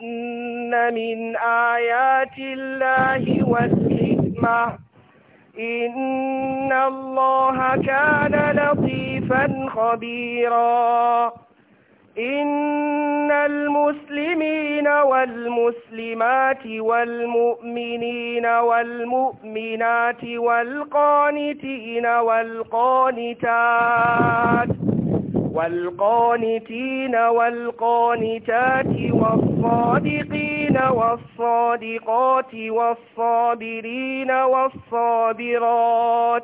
لترين من آيات الله والحكمة إن الله كان لطيفا خبيرا إن المسلمين والمسلمات والمؤمنين والمؤمنات والقانتين والقانتات والقانتين والقانتات والقانتات والصادقين والصادقات والصابرين والصابرات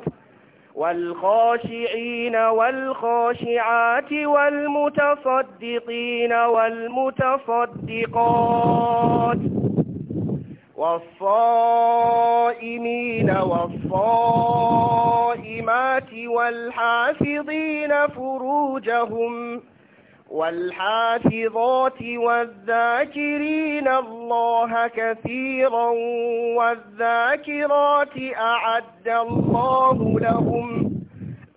والخاشعين والخاشعات والمتصدقين والمتصدقات والصائمين والصائمات والحافظين فروجهم والحافظين والحافظات والذاكرين الله كثيرا والذاكرات أعد الله لهم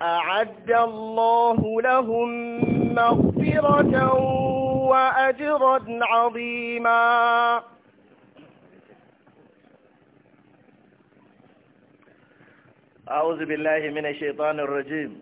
أعد الله لهم مغفرة وأجرا عظيما أعوذ بالله من الشيطان الرجيم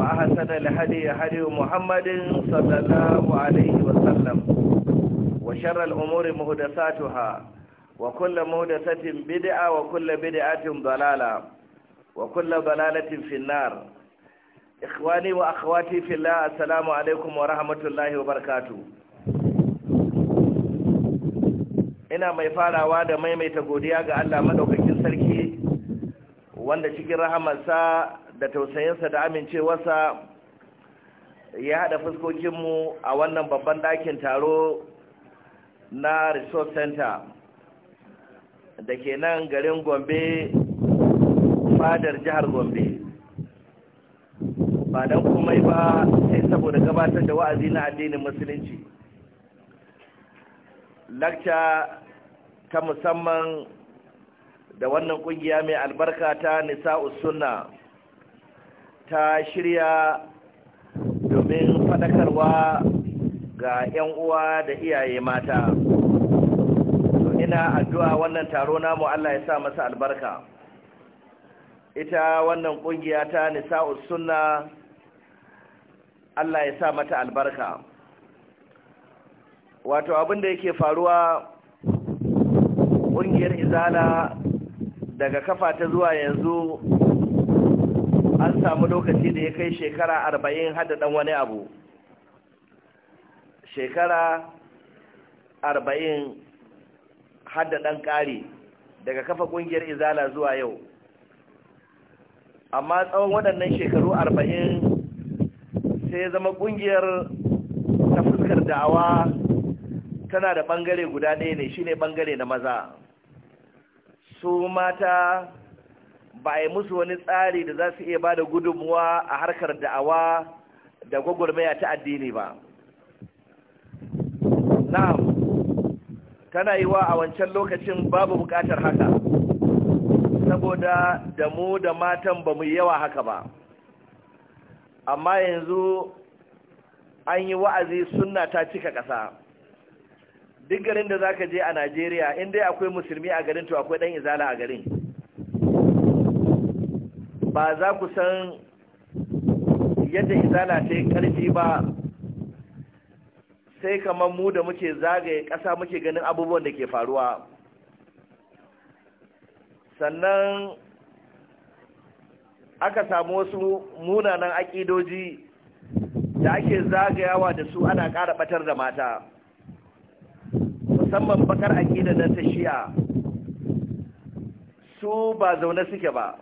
وأحسن الهدي هدي محمد صلى الله عليه وسلم وشر الأمور مهدساتها وكل مهدسة بدعة وكل بدعة ضلالة وكل ضلالة في النار إخواني وأخواتي في الله السلام عليكم ورحمة الله وبركاته ina mai farawa da maimaita godiya ga Allah madaukakin sarki wanda cikin rahamarsa da tausayinsa da amincewarsa ya haɗa fuskokinmu a wannan babban ɗakin taro na resource center da ke nan garin gombe fadar jihar gombe ba don komai ba sai saboda gabatar da wa'azi na addinin musulunci lakca ta musamman da wannan kungiya mai albarka ta nisa'us sunna ta shirya domin faɗakarwa ga 'yan uwa da iyaye mata ina addu'a wannan taro namu Allah ya sa masa albarka ita wannan ƙungiya ta nisa'us sunna Allah ya sa mata albarka wato abin da yake faruwa ƙungiyar izala daga kafa ta zuwa yanzu samu lokaci da ya kai shekara arba'in hada dan wani abu shekara arba'in hada dan ƙari daga kafa ƙungiyar izala zuwa yau amma tsawon waɗannan shekaru arba'in sai zama ƙungiyar ta fuskar da'awa tana da ɓangare guda ɗaya ne shine ɓangare na maza su mata ba a yi musu wani tsari da za su iya ba da gudunmuwa a harkar da'awa da gwagwarmaya ta addini ba na'am tana yi wa a wancan lokacin babu bukatar haka saboda da mu da matan ba mu yawa haka ba amma yanzu an yi wa'azi suna ta cika ƙasa duk garin da za ka je a najeriya in dai akwai musulmi a garin to akwai ɗan izala a garin ba za ku san yadda izala ta yi ƙarfi ba sai kamar mu da muke zagaye ƙasa muke ganin abubuwan da ke faruwa sannan aka samu wasu munanan aƙidoji da ake zagayawa da su ana ƙara ɓatar da mata musamman bakar aƙida na ta shiya. su ba zaune suke ba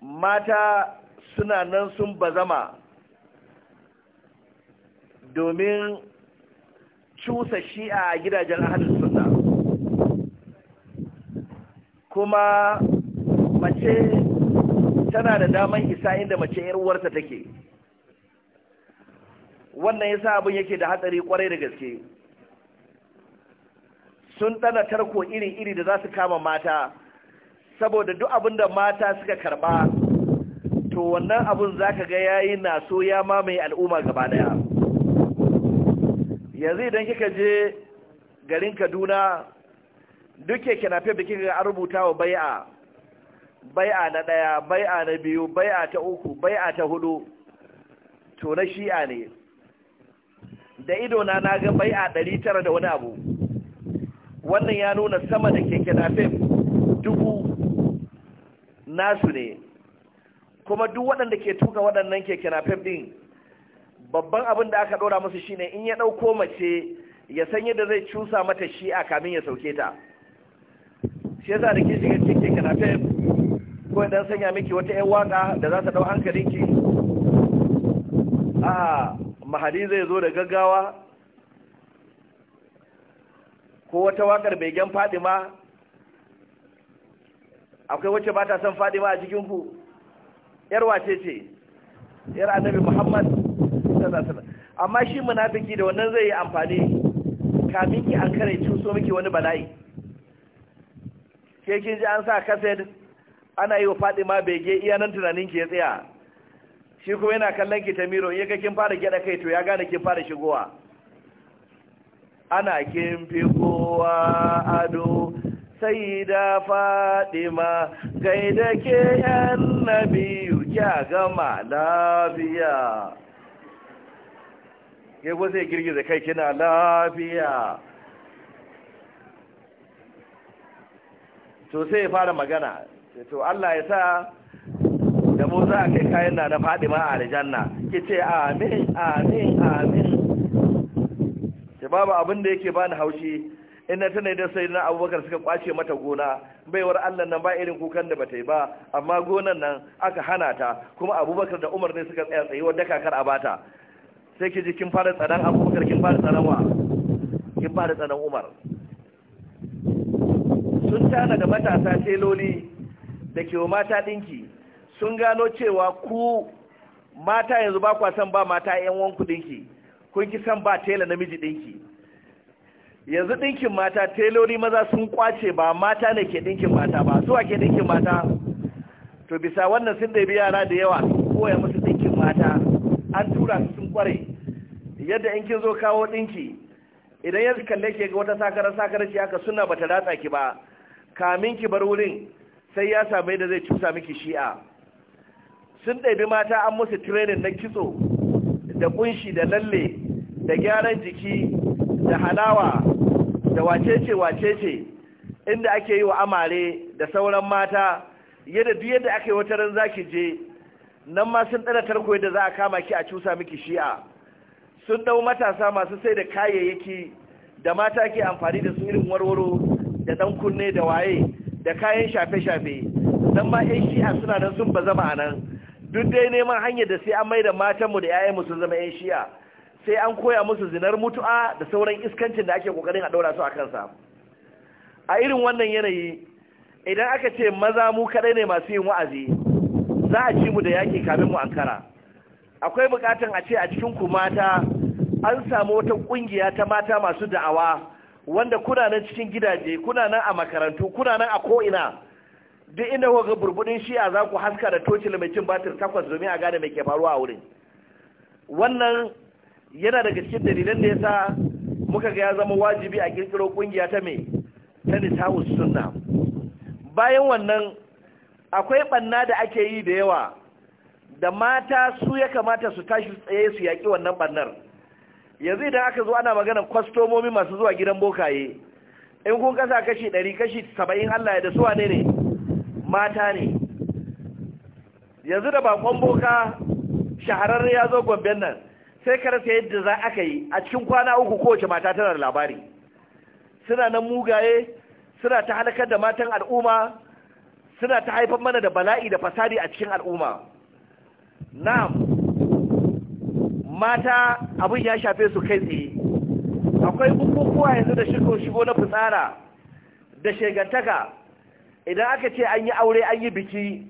mata suna nan sun bazama domin cusa shi'a a gidajen ahalin suna kuma mace tana da daman isa inda mace yarwarta take wannan yasa abin yake da hatsari kwarai da gaske sun tana tarko iri-iri da za su kama mata saboda duk abin da mata suka karba to wannan abin ka ga yayi na so ya mamaye al'umma gaba daya yanzu idan kika je garin Kaduna duk keke da kika ga rubuta wa bai'a bai'a na daya bai'a na biyu bai'a ta uku bai'a ta hudu to na shi'a ne da idona na ga bai'a 900 da wani abu wannan ya nuna sama da keke nafe nasu ne kuma duk waɗanda ke tuka waɗannan keke na din babban abin da aka ɗora musu shine in ya ɗauko mace ya san yadda zai cusa mata shi a kamin ya sauke ta shi yasa da ke shiga cikin keke ko idan sanya miki wata 'yan waka da za ta ɗau hankalinki a mahadi zai zo da gaggawa ko wata wakar begen ma. akwai wacce ba ta son fadima a cikin ku yar wace ce yar annabi muhammad amma shi munafiki da wannan zai yi amfani kamin ki an kare cuso miki wani bala'i ke kin ji an sa kaset ana yi wa fadima bege iya nan tunanin ki ya tsaya shi kuma yana kallon ki tamiro miro ga kin fara gyada kai to ya gane kin fara shigowa ana kin fi kowa ado sayyida fadima da ke annabiyu kya gama lafiya ke zai sai girgiza kai kina lafiya to sai fara magana to Allah ya sa da mu za a kai kayan na na fadima a aljanna ki ce amin amin amin ke babu abin da yake bani haushi Inna ta ne da sai na abubakar suka kwace mata gona baiwar allah nan ba irin kukan da bata yi ba amma gonan nan aka hana ta kuma abubakar da umar ne suka tsaya tsaye wadda kakar a bata sai ki ji kin fara tsanan abubakar kin fara tsanan wa kin fara tsanan umar sun tana da matasa teloli da ke mata dinki sun gano cewa ku mata yanzu ba kwa san ba mata yan wanku dinki kun ki san ba tela namiji ɗinki. yanzu ɗinkin mata telori maza sun kwace ba mata ne ke ɗinkin mata ba su ke ɗinkin mata to bisa wannan sun ɗabi yara da yawa sun koya musu ɗinkin mata an tura su sun kware yadda in kin zo kawo ɗinki idan yanzu kalle ke ga wata sakara sakara shi aka suna bata ratsa ki ba kamin ki bar wurin sai ya same da zai cusa miki shi'a sun ɗabi mata an musu tirenin na kitso da kunshi da lalle da gyaran jiki da halawa da wacece wacece inda ake yi wa amare da sauran mata yadda duk yadda aka yi wata ran zaki je nan ma sun ɗana tarko yadda za a kama ki a cusa miki shi'a sun ɗau matasa masu sai da kayayyaki da mata ke amfani da su irin warwaro da ɗan kunne da waye da kayan shafe-shafe nan ma 'yan shi'a suna nan sun ba zama a nan duk dai neman hanyar da sai an mai da matanmu da 'ya'yanmu sun zama 'yan shi'a sai an koya musu zinar mutu'a da sauran iskancin da ake kokarin a daura su a kansa a irin wannan yanayi idan aka ce maza mu kadai ne masu yin wa'azi za a ci mu da yaki kamin mu ankara akwai bukatun a ce a cikin ku mata an samu wata kungiya ta mata masu da'awa wanda kuna nan cikin gidaje kuna nan a makarantu kuna nan a ko'ina duk inda kuka burbudin shi'a za ku haska da tocin mai cin batir takwas domin a gane mai ke faruwa a wurin wannan yana daga cikin dalilan da ya sa muka ga ya zama wajibi a kirkiro kungiya ta mai, ta nisa'us sunna bayan wannan akwai banna da ake yi da yawa da mata su ya kamata su tashi tsaye su yaƙi wannan bannar yanzu idan aka zo ana maganar kwastomomi masu zuwa gidan bokaye in kun kasa kashi ɗari kashi saba'in Allah ya da suwa ne ne mata ne yanzu da bakon boka shahararren ya zo gwamben nan sai ka rasa yadda za aka yi a cikin kwana uku kowace mata tana da labari suna nan mugaye suna ta halakar da matan al'umma suna ta haifar mana da bala'i da fasadi a cikin al'umma na'am mata abin ya shafe su kai tsaye akwai bukukuwa yanzu da shigo shigo na fitsara da shegantaka idan aka ce an yi aure an yi biki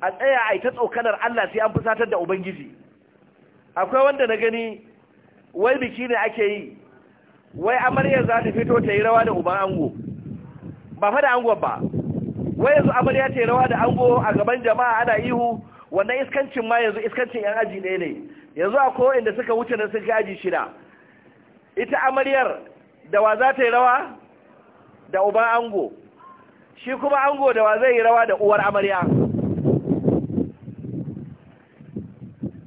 a tsaya a yi ta tsokanar Allah sai an fusatar da Ubangiji akwai wanda na gani wai biki ne ake yi wai amaryar za ta fito ta yi rawa da uban ango ba fa da ango ba wai yanzu amarya ta yi rawa da ango a gaban jama'a ana ihu wannan iskancin ma yanzu iskancin yan aji ne ne yanzu a ko inda suka wuce na suka aji shida ita amaryar da wa za ta yi rawa da uban ango shi kuma ango da wa zai yi rawa da uwar amarya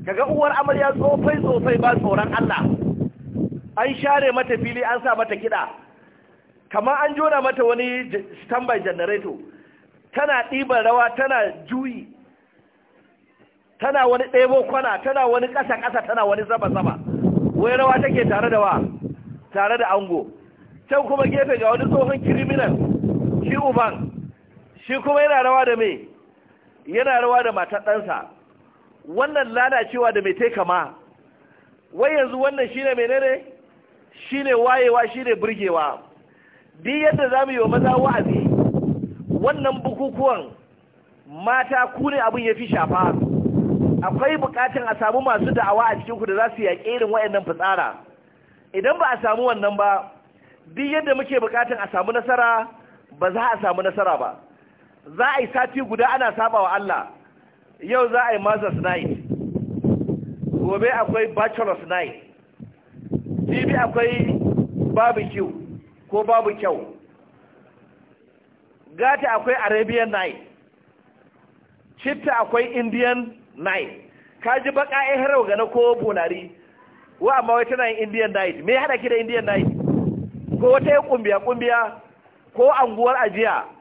kaga uwar amarya tsofai tsofai ba tsoron Allah an share mata fili an sa mata kiɗa kamar an jona mata wani standby generator tana ɗiban rawa tana juyi tana wani ɗebo kwana tana wani ƙasa-ƙasa tana wani zaba-zaba wai rawa take tare da wa tare da ango can kuma gefe ga wani tsohon kiriminal shi uban shi kuma yana rawa da me yana rawa da matar ɗansa wannan lalacewa da mai taikama. wai yanzu wannan shine menene shine wayewa shine burgewa duk yadda zamu yi wa maza wa'azi wannan bukukuwan mata ku ne abin ya fi shafa akwai bukatun a samu masu da'awa a cikin ku da za su yaƙe irin wa'yannan fitsara idan ba a samu wannan ba duk yadda muke bukatun a samu nasara ba za a samu nasara ba za a yi sati guda ana saba wa Allah yau za a yi masters night gobe akwai bachelor's night jibi akwai barbecue ko babu kyau gata akwai arabian night citta akwai indian night kaji baka ya harau gane ko bonari wa amma wai tana yin indian night me hada ki da indian night ko wata yi kumbiya kumbiya ko anguwar ajiya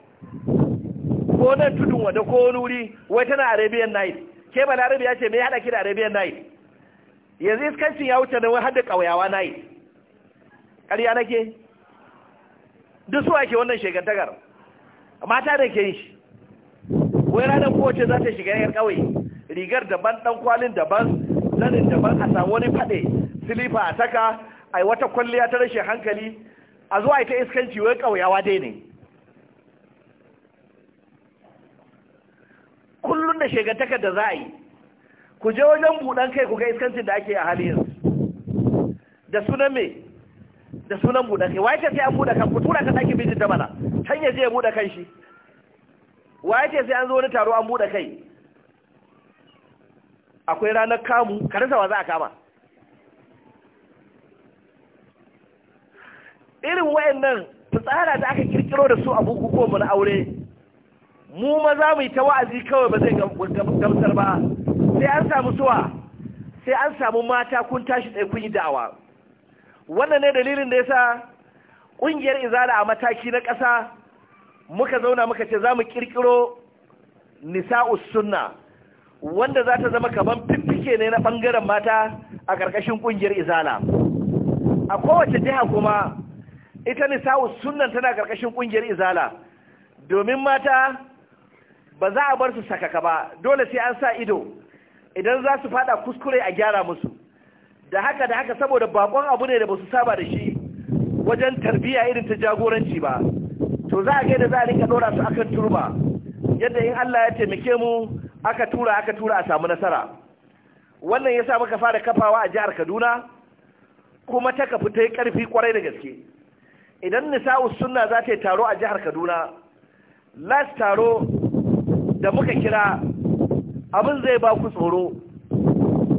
ko nan tudun wada ko wani wuri wai tana arabian night ke balarabe ya ce me hada ki da arabian night yanzu iskancin ya wuce da wani hada kauyawa night ƙarya nake duk su ake wannan shekantakar mata da ke shi wai ranar kowace za ta shiga yar ƙauye rigar daban ɗan kwalin daban zanin daban a samu wani fade silifa a saka a wata kwalliya ta rashin hankali a zuwa ita iskanci wai kauyawa dai ne kullum da taka da za a yi ku je wajen buɗan kai ku ga iskancin da ake a halin yanzu da sunan me da sunan buɗan kai waye ce sai an buɗe kan ku tura ka sake bijin da mana can ya je ya buɗe kan shi waye ce sai an zo wani taro an buɗe kai akwai ranar kamu ka sa wa za a kama irin wayannan fitsara da aka kirkiro da su a bukukuwanmu na aure mu ma za mu yi ta wa'azi kawai ba zai gamsar ba sai an samu suwa sai an samu mata kun tashi tsaye kun yi da'awa wannan ne dalilin da ya sa ƙungiyar izala a mataki na ƙasa muka zauna muka ce za mu ƙirƙiro nisa'us sunna wanda za ta zama kaman fiffike ne na ɓangaren mata a ƙarƙashin ƙungiyar izala a kowace jiha kuma ita nisa'us sunnan tana ƙarƙashin ƙungiyar izala domin mata ba za a bar su sakaka ba dole sai an sa ido idan za su fada kuskure a gyara musu da haka da haka saboda bakon abu ne da ba su saba da shi wajen tarbiya irin ta jagoranci ba to za a ga da za a rinka dora su akan turba yadda in Allah ya taimake mu aka tura aka tura a samu nasara wannan ya sa muka fara kafawa a jihar Kaduna kuma ta kafi ta yi ƙarfi kwarai da gaske idan nisa'u sunna za ta yi taro a jihar Kaduna last taro da muka kira abin zai ba ku tsoro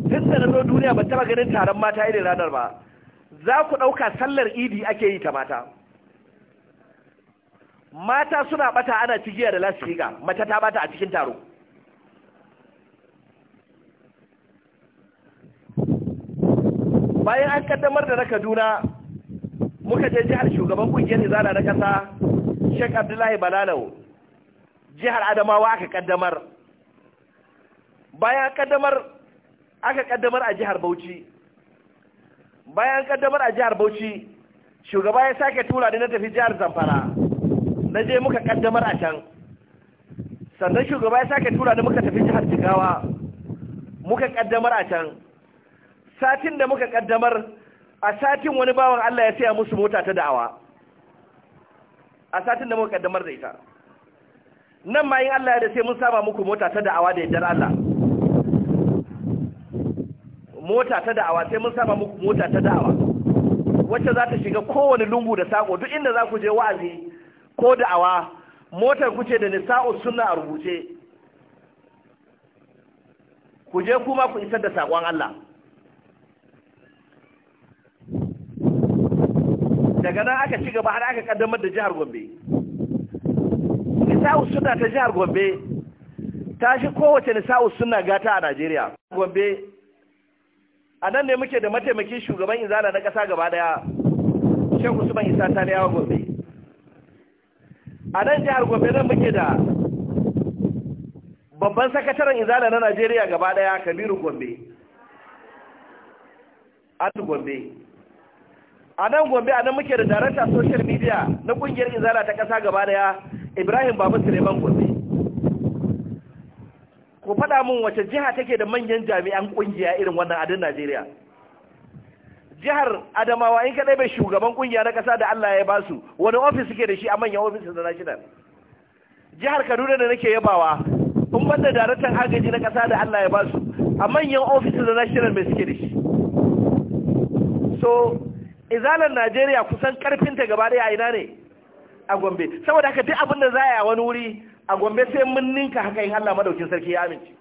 tun da na duniya ba taba ganin taron mata irin ranar ba za ku ɗauka sallar idi ake yi ta mata mata suna bata ana cigiya da lasifika mace ta bata a cikin taro bayan an kaddamar da na kaduna muka je jihar shugaban kungiyar izana na ƙasa shek abdullahi balalau jihar adamawa aka kaddamar bayan kaddamar aka kaddamar a jihar bauchi bayan kaddamar a jihar bauchi shugaba ya sake tura ni na tafi jihar zamfara na je muka kaddamar a can sannan shugaba ya sake tura ni muka tafi jihar jigawa muka kaddamar a can satin da muka kaddamar a satin wani bawan Allah ya saya musu mota ta da'awa a satin da muka kaddamar da ita nan ma yin Allah ya da sai mun saba muku mota ta da'awa da yadda Allah mota ta da'awa sai mun saba muku mota ta da'awa wacce za ta shiga kowane lungu da sako duk inda za ku je wa'azi ko da'awa motar ku ce da nisa'u sunna a rubuce ku je kuma ku isar da sakon Allah daga nan aka ci gaba har aka kaddamar da jihar Gombe nisa'u suna ta jihar gombe ta shi kowace nisa'u suna gata a najeriya gombe a nan ne muke da mataimakin shugaban izala na ƙasa gaba daya shan usman isa ta yawa gombe a nan jihar gombe nan muke da babban sakataren izala na najeriya gaba daya kabiru gombe a gombe a nan gombe a nan muke da darata social media na kungiyar izala ta kasa gaba daya ibrahim babu suleiman gombe ku faɗa min wace jiha take da manyan jami'an kungiya irin wannan adin najeriya jihar adamawa in kaɗai bai shugaban kungiya na kasa da allah ya ba su wani ofis suke da shi a manyan ofis na national jihar kaduna da nake yabawa in banda daraktan agaji na kasa da allah ya ba su a manyan ofis na national mai suke da shi so izalar najeriya kusan karfinta gaba da a ina ne a gombe saboda haka duk abin da za a yi a wani wuri a gombe sai mun ninka haka in allah madaukin sarki ya amince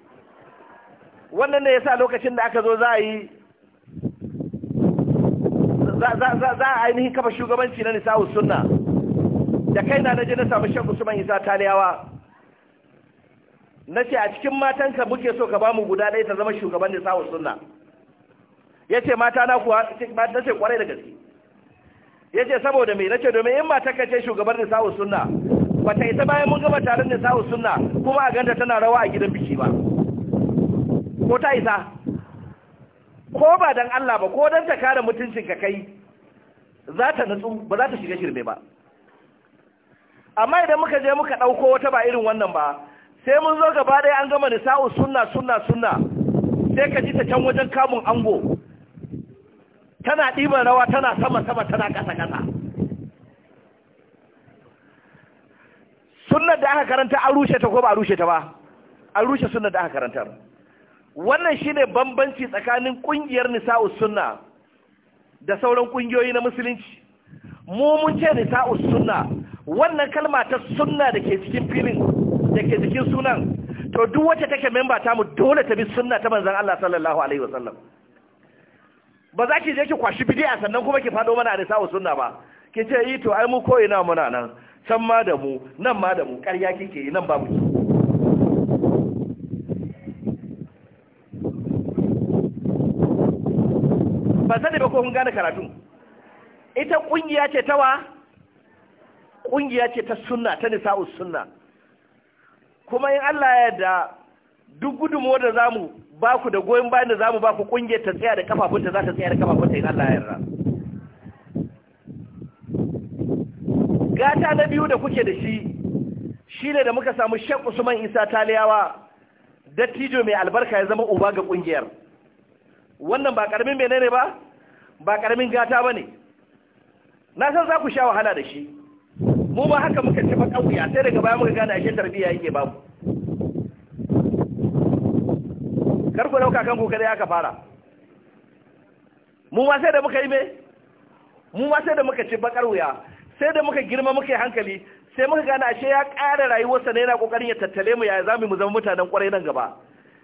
wannan ne yasa lokacin da aka zo za a yi za a ainihin kafa shugabanci na Nisawu sunna da kaina na je na samu shan usman isa taliyawa na ce a cikin matanka muke so ka bamu guda ɗaya ta zama shugaban Nisawu sunna ya ce mata na kuwa na ce kwarai da gaske ya ce saboda mai na domin in mata kace shugabar nisa'u suna, ba ta isa bayan mun gaba taron nisa'u suna kuma a ganta tana rawa a gidan biki ba ko ta isa ko ba don Allah ba ko don ta kare mutuncin ka kai za ta nutsu ba za ta shiga shirme ba amma idan muka je muka ɗauko wata ba irin wannan ba sai mun zo gaba ɗaya an gama nisa'u sunna sunna sunna sai ka ji ta can wajen kamun ango tana ɗiban rawa tana sama-sama tana ƙasa-ƙasa sunan da aka karanta an rushe ta ko ba a rushe ta ba an rushe sunan da aka karanta wannan shine bambanci tsakanin ƙungiyar nisa'us sunna da sauran ƙungiyoyi na musulunci mu mun ce nisa'us sunna wannan kalma ta sunna da ke cikin filin da ke cikin sunan to duk wacce take memba tamu mu dole ta bi sunna ta manzan Allah sallallahu alaihi wasallam ba za ki je ki kwashi a sannan kuma ki fado mana da a sunna ba ki ce yi to ai mu koyi na muna nan can ma da mu nan ma da mu ƙarya kike yi nan babu ba sani ba ko kun gane karatu ita kungiya ce ta wa kungiya ce ta sunna ta nisa'u sunna kuma in Allah ya yarda duk gudunmawar da zamu ba ku da goyon bayan da zamu ba ku kungiyar ta tsaya da kafafunta za ta tsaya da kafafunta in Allah ya yarda gata na biyu da kuke da shi shi ne da muka samu Sheikh Usman Isa Taliyawa dattijo mai albarka ya zama uba ga kungiyar wannan ba karamin ne ba ba karamin gata ba ne. na san za ku sha wahala da shi mu ba haka muka ci ba sai daga baya muka gane ashe tarbiyya yake babu kar ku kan ku kada aka fara mu ma sai da muka yi me mu ma sai da muka ci bakar wuya sai da muka girma muka hankali sai muka gane ashe ya ƙara rayuwarsa ne yana kokarin ya tattale mu ya zamu mu zama mutanen kwarai nan gaba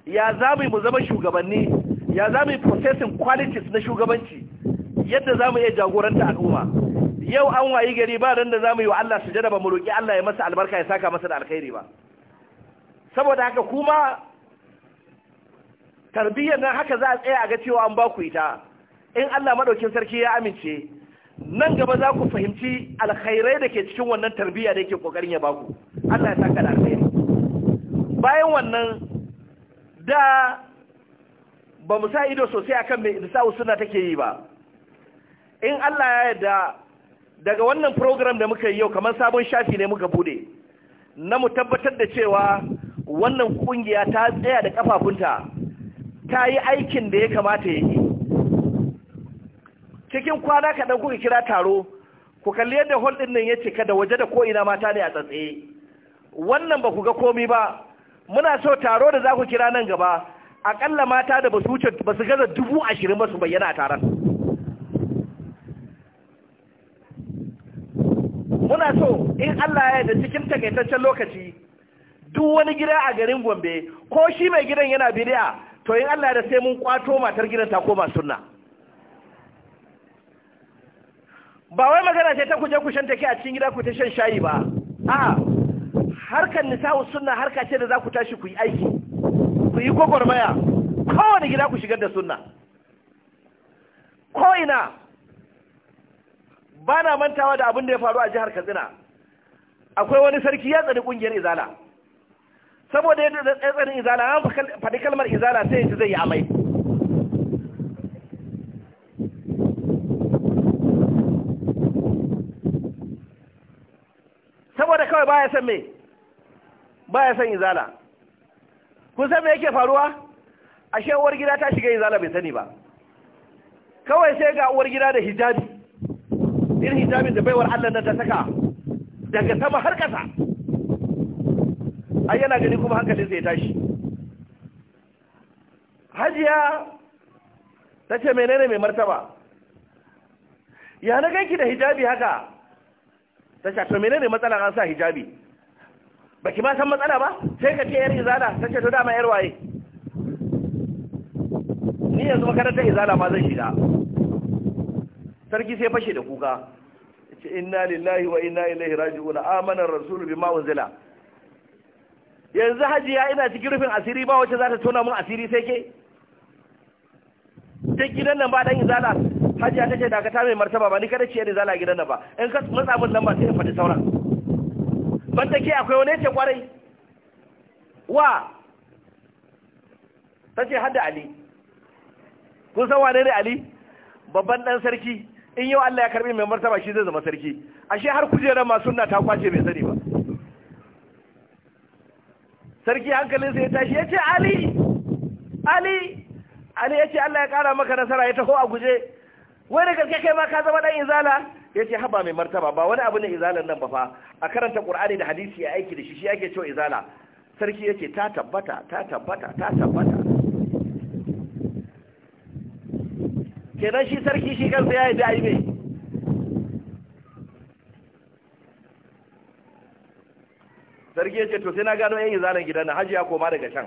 ya zamu mu zama shugabanni ya zamu processing qualities na shugabanci yadda zamu iya jagoranta al'umma yau an wayi gari ba ran da zamu yi wa Allah sujada ba mu roki Allah ya masa albarka ya saka masa da alkhairi ba saboda haka kuma tarbiyyar nan haka za a tsaya a ga cewa an baku ita in Allah madaukin sarki ya amince nan gaba za ku fahimci alkhairai da ke cikin wannan tarbiyya da yake kokarin ya baku Allah ya saka da alkhairi bayan wannan da ba mu sa ido sosai akan mai insa suna take yi ba in Allah ya yarda daga wannan program da muka yi yau kamar sabon shafi ne muka bude na mu tabbatar da cewa wannan kungiya ta tsaya da kafafunta ta yi aikin da ya kamata ya yi cikin kwana kaɗan kuka kira taro ku kalli yadda hol ɗin nan ya cika da waje da ko'ina mata ne a tsatsaye wannan ba ku ga komi ba muna so taro da za ku kira nan gaba aƙalla mata da basu ba basu gaza dubu ashirin ba su bayyana a taron muna so in Allah ya da cikin takaitaccen lokaci duk wani gida a garin gombe ko shi mai gidan yana bidiya to yin Allah da sai mun kwato matar gidan ta koma sunna ba wai magana ce ta kuje ku shanta ke a cikin gida ku ta shan shayi ba a harkar nisa'u sunna harka ce da za ku tashi ku yi aiki ku yi gwagwarmaya kowane gida ku shigar da sunna ko ina ba na mantawa da abin da ya faru a jihar katsina akwai wani sarki ya tsani kungiyar izala saboda yadda da tsarin izala an faɗi kalmar izala sai yanzu zai yi amai saboda kawai baya san me baya san izala kun san me yake faruwa a shewar gida ta shiga izala bai sani ba kawai sai ga uwar gida da hijabi irin hijabin da baiwar Allah da ta saka daga sama har ƙasa ai yana gani kuma hankalin ya tashi hajiya ta ce menene mai martaba ya na ganki da hijabi haka ta ce to menene matsala an sa hijabi Ba ki ma san matsala ba sai ka ce yar izala ta ce to dama yar waye ni yanzu makarantar izala ma zan shiga sarki sai fashe da kuka inna lillahi wa inna ilaihi raji'un amana rasulu bima unzila yanzu hajiya ina cikin rufin asiri ba wacce za ta tona mun asiri sai ke ta gidan nan ba dan izala hajiya ta ce dakata mai martaba ba ni kada ce izala gidan nan ba in ka matsa mun lamba sai in faɗi sauran ban ta ke akwai wani ce kwarai wa ta ce hada ali kun san wane ne ali babban dan sarki in yau Allah ya karbi mai martaba shi zai zama sarki ashe har kujerar ma sunna ta kwace bai sani ba sarki hankalin sai ya tashi ya ce ali ali ali ya ce Allah ya kara maka nasara ya taho a guje wai da gaske kai ma ka zama dan izala ya ce haba mai martaba ba wani abu ne izalan nan ba fa a karanta qur'ani da hadisi ya aiki da shi shi ake cewa izala sarki ya ta tabbata ta tabbata ta tabbata kenan shi sarki shi kansa ya yi da mai sarki ya ce to sai na gano yan zanen gidan na hajji ya koma daga can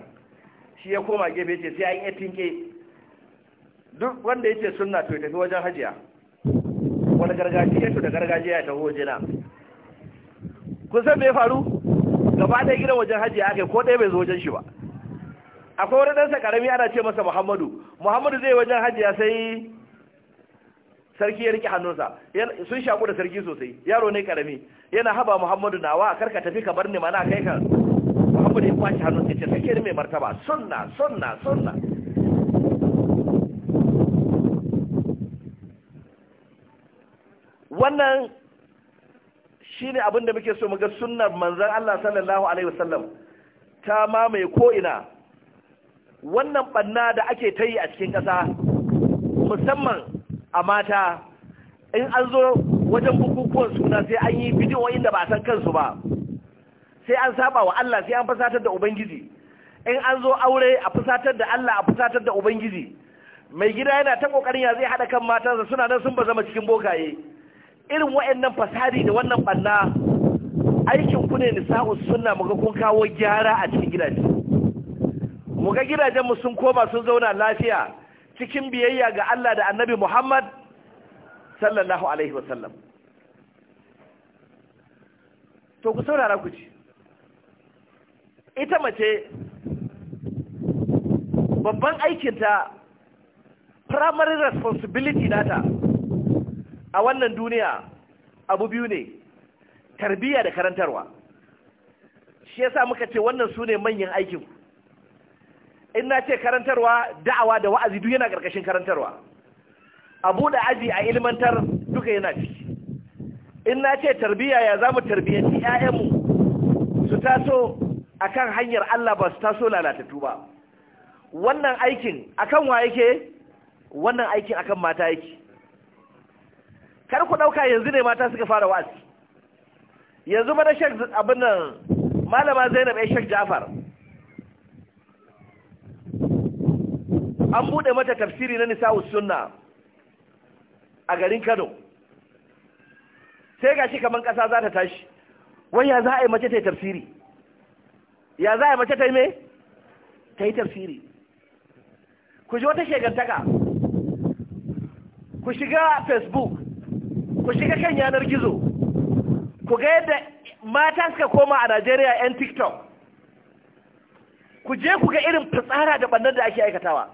shi ya koma gefe ce sai an yi tinke duk wanda ya ce sunna to ya tafi wajen hajiya wani gargajiya to da gargajiya ya taho jina kun san me ya faru gaba ɗaya gidan wajen hajiya kai ko ɗaya bai zo wajen shi ba akwai wani ɗansa ƙarami ana ce masa muhammadu muhammadu zai wajen hajiya sai sarki ya rike hannunsa sun shaku da sarki sosai yaro ne karami yana haba muhammadu nawa karka tafi ka bar ni mana kai ka muhammadu ya kwashi hannunsa ya ce sarki mai martaba sunna sunna sunna wannan ne abin da muke so muga sunnar manzan Allah sallallahu alaihi wasallam ta mamaye ko ina wannan banna da ake ta yi a cikin ƙasa musamman a mata in an zo wajen bukukuwan suna sai an yi bidiyo inda ba san kansu ba sai an saba wa Allah sai an fusatar da ubangiji in an zo aure a fusatar da Allah a fusatar da ubangiji mai gida yana ta kokarin ya zai hada kan matansa suna nan sun ba zama cikin bokaye irin wayannan fasari da wannan banna aikin ku ne nisa'us sunna muga kun kawo gyara a cikin gidaje muga gidajen mu sun koma sun zauna lafiya cikin biyayya ga Allah da annabi Muhammad sallallahu Alaihi wasallam. To ku saurara ku ci, ita mace babban aikinta primary responsibility nata a wannan duniya abu biyu ne, tarbiyya da karantarwa. Shi yasa muka ce wannan su ne manyan aikinku. in na ce karantarwa da'awa da wa'azi duk yana ƙarƙashin karantarwa a buɗe aji a ilmantar duka yana ciki in na ce tarbiyya ya za mu tarbiyyanci 'ya'yanmu su taso a kan hanyar Allah ba su taso lalatattu ba wannan aikin akan wa yake wannan aikin akan mata yake kar ɗauka yanzu ne mata suka fara wa'azi yanzu mana shek abin nan malama zainab ya eh, shek jafar an buɗe mata tafsiri na nisa sunna a garin kano sai gashi kamar ƙasa za ta tashi wai ya za a yi mace ta yi tafsiri ya za a yi mace ta yi mai? ta yi tafsiri ku ji wata shegantaka ku shiga facebook ku shiga kan yanar gizo ku ga yadda mata suka koma a najeriya 'yan tiktok ku je ku ga irin fitsara da ɓannar da ake aikatawa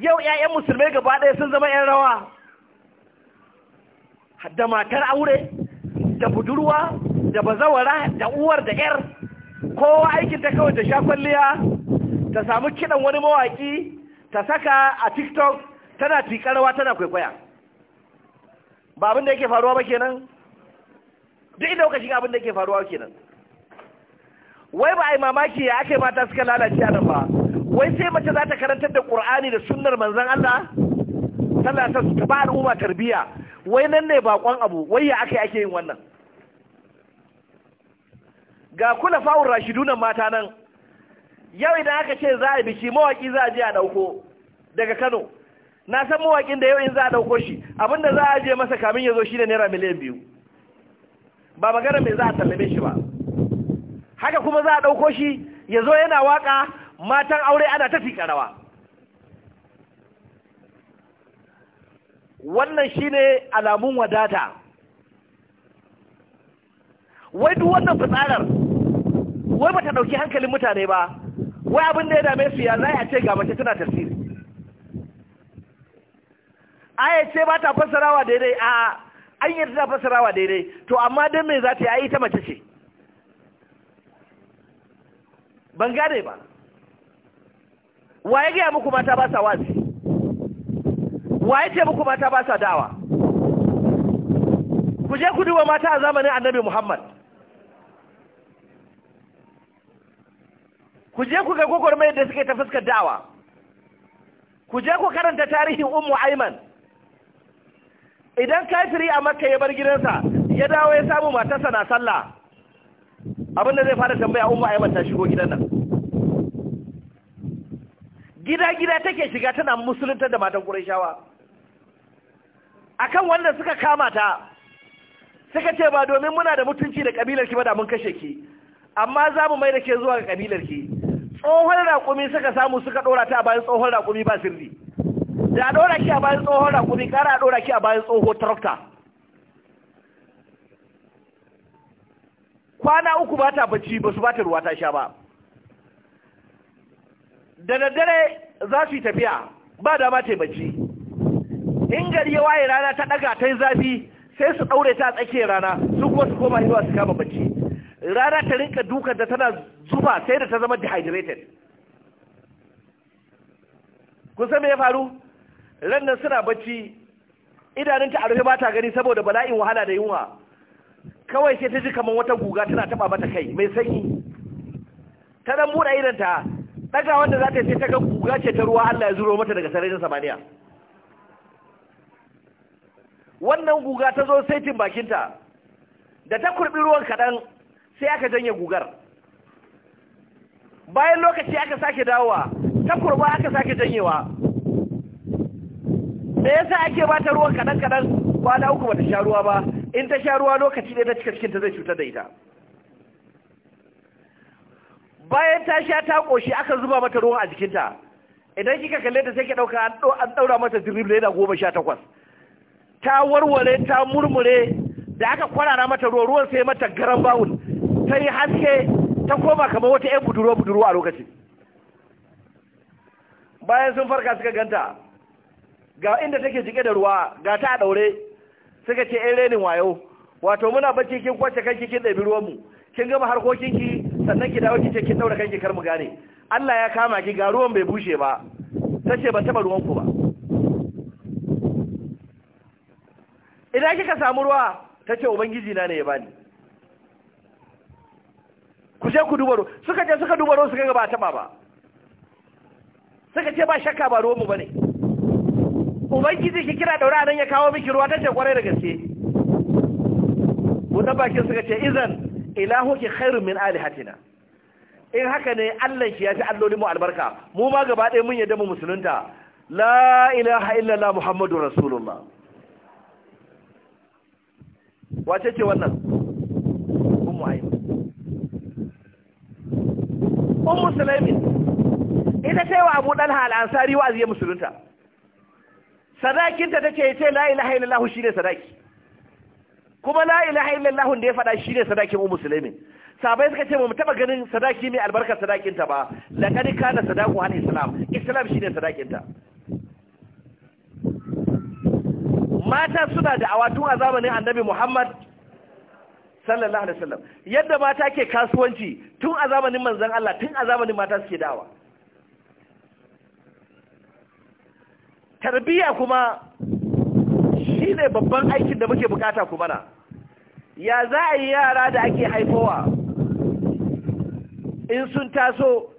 yau 'ya'yan musulmai gaba ɗaya sun zama 'yan rawa da matar aure da budurwa da bazawara da uwar da 'yar kowa aikin ta kawai da liya ta samu kiɗan wani mawaƙi ta saka a tiktok tana tikarwa tana kwaikwaya ba abin da yake faruwa ba kenan duk inda kuka shiga abin da yake faruwa kenan wai ba a yi mamaki ya ake mata suka lalace a nan ba wai sai mace za ta karantar da ƙur'ani da sunnar manzan Allah sallah ta su ba al'umma tarbiyya wai nan ne baƙon abu wai ya aka ake yin wannan ga kula fa'ur rashidunan mata nan yau idan aka ce za a biki mawaƙi za a je a ɗauko daga Kano na san mawaƙin da yau in za a ɗauko shi da za a je masa kamin ya zo shi da naira miliyan biyu ba magana mai za a sallame shi ba haka kuma za a ɗauko shi ya zo yana waƙa matan aure ana ta fiƙa rawa wannan shine alamun wadata wai duk wannan fitsarar wai bata ɗauki hankalin mutane ba wai abin da ya dame su ya zai a ce ga mace tana tasiri aya ce ba ta fassarawa daidai a an yi ta fassarawa daidai to amma dan me za ta yi ta mace ce ban gane ba Wa ya gaya muku mata ba sa wazi Wa ya muku mata ba sa dawa ku je ku duba mata a zamanin annabi muhammad ku je ku ga gwagwarmayar da suke ta fuskar dawa ku je ku karanta tarihin ummu aiman idan kafiri a makka ya bar gidansa ya dawo ya samu matarsa na sallah abinda zai fara tambaya ummu aiman ta shigo gidan nan gida-gida take shiga tana musulunta da matan ƙurashawa akan wanda suka kama ta suka ce ba domin muna da mutunci da ƙabilarki ba da mun kashe ki amma za mu mai da ke zuwa ga ƙabilarki tsohon raƙumi suka samu suka ɗora ta a bayan tsohon raƙumi ba sirri da a ɗora ki a bayan tsohon raƙumi ƙara a ɗora ki a bayan tsoho tarakta kwana uku ba ta bacci ba su ba ta ruwa ta sha ba da daddare za su yi tafiya ba dama ta bacci in gari ya waye rana ta ɗaga ta yi zafi sai su ɗaure ta a tsakiyar rana su kuma su koma inuwa su kama bacci rana ta rinka dukar da tana zufa sai da ta zama dehydrated kun san me ya faru rannan suna bacci idanun a rufe ba ta gani saboda bala'in wahala da yunwa kawai sai ta ji kamar wata guga tana taba mata kai mai sanyi ta dan buɗe idanta daga wanda za ta ce ta gan guga ce ta ruwa Allah ya zuro mata daga sararin samaniya wannan guga ta zo saitin bakinta da ta kurbi ruwan kadan sai aka janye gugar bayan lokaci aka sake dawowa ta kurba aka sake janyewa da yasa ake ba ta ruwan kadan ba kwana uku ba ta sha ruwa ba in ta sha ruwa lokaci ne ta cika cikinta zai cutar da ita bayan ta sha ta koshi aka zuba mata ruwan a jikinta idan kika kalle ta sai ki dauka an daura mata da leda goma sha takwas ta warware ta murmure da aka kwarara mata ruwa ruwan sai mata garan bawul ta yi haske ta koma kamar wata yan budurwa budurwa a lokacin bayan sun farka suka ganta ga inda take jike da ruwa ga ta a daure suka ce yan renin wayo wato muna bacci kin kwace kanki kin ɗabi ruwanmu kin gama harkokinki sannan ki dawo ki ce kin daura kanki kar mu gane Allah ya kama ki ga ruwan bai bushe ba tace ba taba ruwan ku ba idan kika samu ruwa tace ubangiji na ne ya bani ku je ku duba ruwa. suka je suka duba ruwa suka ga ba taba ba suka ce ba shakka ba ruwan mu bane ubangiji ki kira daura nan ya kawo miki ruwa tace kwarai da gaske Wata bakin suka ce izan ilahuki khairu min alihatina in haka ne Allah shi ya fi allolin mu albarka mu ma gaba ɗaya mun yadda mu musulunta la ilaha illallah muhammadu rasulullah wace ce wannan ummu aiman ummu sulaimin ita ce wa abu dalha al-ansari wa aziya musulunta sadakinta take ce la ilaha illallah ne sadaki kuma la ilaha illallah da ya faɗa shine sadakin ummu sulaimin sabai suka ce ba mu taba ganin sadaki mai albarkar sadakin ta ba laqad kana sadaku al islam islam shine sadakin ta mata suna da awatu a zamanin annabi muhammad sallallahu alaihi wasallam yadda mata ke kasuwanci tun a zamanin manzon Allah tun a zamanin mata suke dawa tarbiya kuma ne babban aikin da muke bukata ku mana ya za a yi yara da ake haifowa in sun taso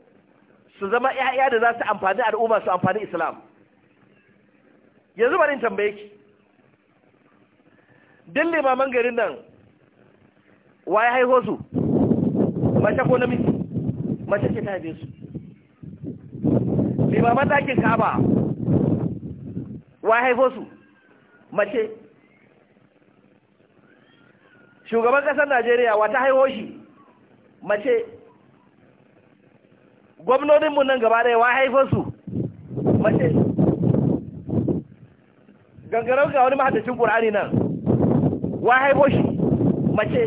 su zama ‘ya'ya da za su amfani al'umma su amfani islam yanzu barin tambaye ki din limaman garin nan waye haifo su mace ko namiji mace ce ta haife su limaman ɗakin kaba waye haifo su mace shugaban kasar najeriya wata haiho shi mace gwamnoninmu nan gaba ɗaya wa haifarsu mace gangarau ga wani mahaddacin ƙur'ani nan wa haifo shi mace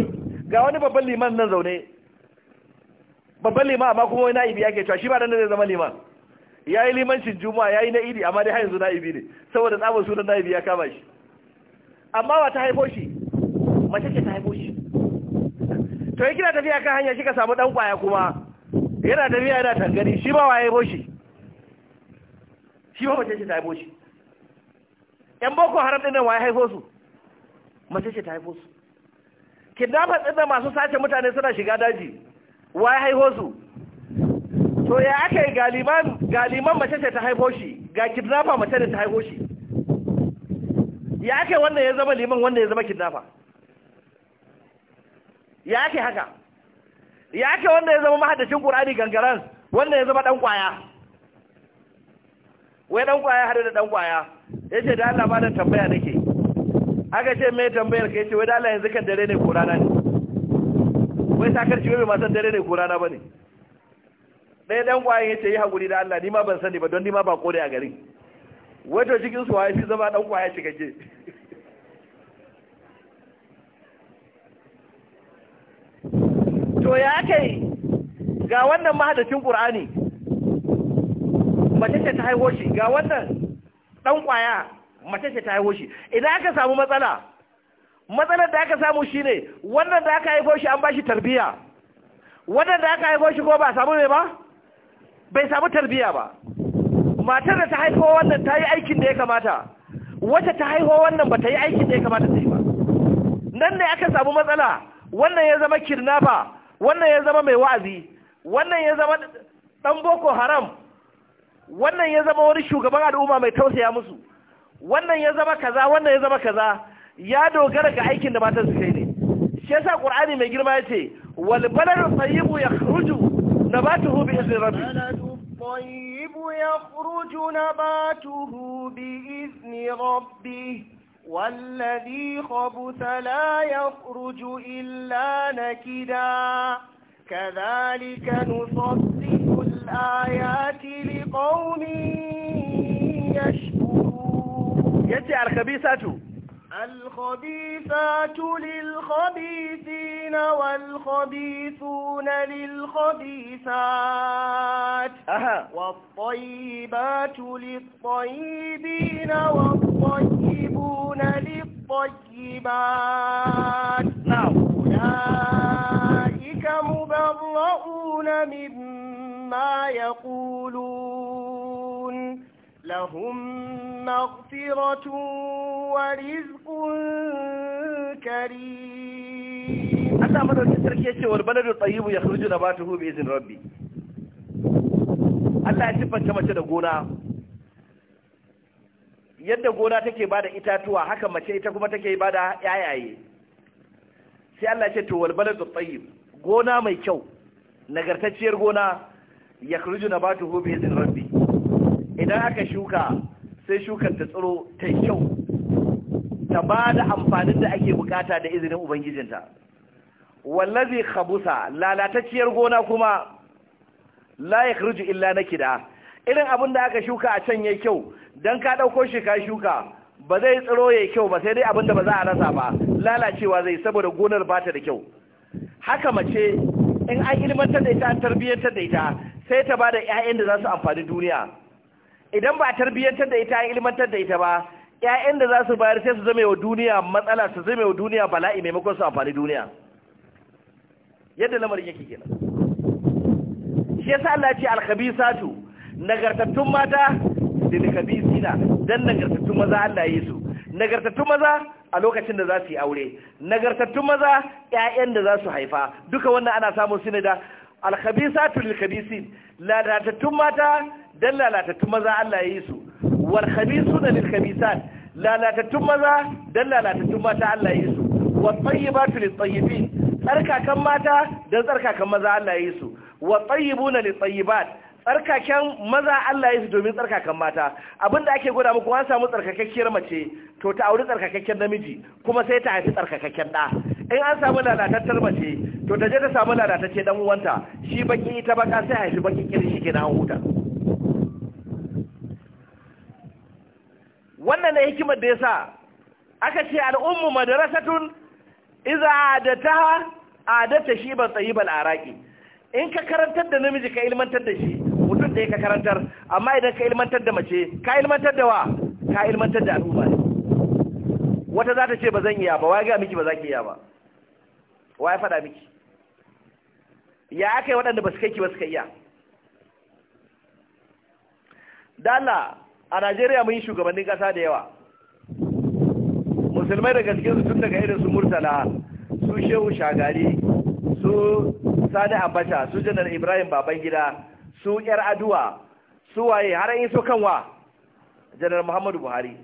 ga wani babban liman nan zaune babban liman amma kuma wani na'ibi yake cewa shi ba dan da zama liman ya yi limancin juma'a ya yi na idi amma dai har na'ibi ne saboda tsabar sunan na'ibi ya kama shi amma ba ta haifo shi mace ce ta haifo shi to yi kina tafiya kan hanya shi ka samu dan kwaya kuma yana tafiya yana tangari shi ba wa haifo shi shi ba mace ce ta haifo shi yan boko haram ɗin nan wa haifo su mace ce ta haifo su kidnapper ɗin nan masu sace mutane suna shiga daji wa haifo su to ya aka yi galiman mace ce ta haifo shi ga kidnapper mace ne ta haifo shi ya ake wannan ya zama liman wannan ya zama kidnapper ya ake haka ya ake wannan ya zama mahaddacin qur'ani gangaran wannan ya zama dan kwaya wai dan kwaya hada da dan kwaya ce da Allah ba da tambaya nake aka ce me tambayar ka ce wai da Allah yanzu kan dare ne ko rana ne wai sakarci wai ma san dare ne ko rana bane ɗaya ɗan ƙwaya ya ce yi haƙuri da Allah ni ma ban sani ba don ni ma ba ƙore a garin wato cikin su ya fi zama ɗan ƙwaya cikakke to ya kai ga wannan mahadacin ƙur'ani mace ce ta haihuwa shi ga wannan ɗan ƙwaya mace ce ta haihuwa shi idan aka samu matsala matsalar da aka samu shi ne wannan da aka haifo shi an ba shi tarbiya wannan da aka haifo shi ko ba samu ne ba bai samu tarbiya ba matar da ta haifo wannan ta yi aikin da ya kamata wata ta haifo wannan ba ta yi aikin da ya kamata ta yi ba nan ne aka samu matsala wannan ya zama kirnafa wannan ya zama mai wa'azi wannan ya zama ɗan boko haram wannan ya zama wani shugaban al'umma mai tausaya musu wannan ya zama kaza wannan ya zama kaza ya dogara ga aikin da matan su kai ne shi yasa qur'ani mai girma ce wal baladu tayyibu yakhruju nabatuhu bi izni rabbi الطيب يخرج نباته بإذن ربه والذي خبث لا يخرج إلا نكدا كذلك نصدق الآيات لقوم يشكرون يتي الخبيثات الخبيثات للخبيثين للخبيثين والخبيثون للخبيثات أها. والطيبات للطيبين والطيبون للطيبات نعم أولئك مبرؤون مما يقولون لهم مغفرة ورزق كريم الله مدوكي sarki yace والبلد الطيب يخرج نباته بإذن ربي izni rabbi Allah ya mace da gona yadda gona take bada itatuwa haka mace ita kuma take bada yayaye sai Allah ce to wal baladu tayyib gona mai kyau nagartacciyar gona yakhruju nabatuhu bi izni rabbi idan aka shuka sai shukar ta tsiro ta kyau ta ba da amfanin da ake bukata da izinin ubangijinta wallazi khabusa lalatacciyar gona kuma la yakhruju illa nakida irin abin da aka shuka a can yayi kyau dan ka dauko shi ka shuka ba zai tsiro yayi kyau ba sai dai abin da ba za a rasa ba lalacewa zai saboda gonar ba ta da kyau haka mace in an ilmantar da ita an tarbiyyantar da ita sai ta ba da 'ya'yan da za su amfani duniya idan ba tarbiyyantar da ita an ilmantar da ita ba Ya'yan da za su bayar sai su zame wa duniya matsala su zame wa duniya bala'i maimakon su amfani duniya yadda lamarin yake kenan shi yasa Allah ya ce al-khabisatu nagartattun mata da al-khabisina dan nagartattun maza Allah ya yi su nagartattun maza a lokacin da za su yi aure nagartattun maza ya'yan da za su haifa duka wannan ana samun su ne da al-khabisatu lil-khabisin ladatattun mata dan lalatattun maza Allah ya yi su wal khabisuna lil khabisat lalatattun maza don lalatattun mata Allah ya yi su wat tayyibatu lit tayyibin tsarkakan mata don tsarkakan maza Allah ya yi su wat tayyibuna lit tayyibat maza Allah ya yi su domin tsarkakan mata abinda ake gwada muku an samu tsarkakakkiyar mace to ta auri tsarkakakken namiji kuma sai ta haifi tsarkakakken ɗa. in an samu lalatattar mace to ta je ta samu lalatacce dan uwanta shi baki ita baka sai haifi baki kiri shi an huta wannan ne hikimar da yasa aka ce al'ummu madrasatun iza adataha adata shi ban tsayibal araki in ka karantar da namiji ka ilmantar da shi mutum da ka karantar amma idan ka ilmantar da mace ka ilmantar da wa ka ilmantar da al'umma ne wata za ta ce ba zan iya ba wa ga miki ba za ki iya ba wa ya faɗa miki ya aka yi waɗanda ba su kai ki ba suka iya dala a najeriya mun yi shugabannin ƙasa da yawa musulmai daga gaske su tun daga irin su murtala su shehu shagari su sani abacha su janar ibrahim babangida su yar aduwa su waye har yi so kanwa janar muhammadu buhari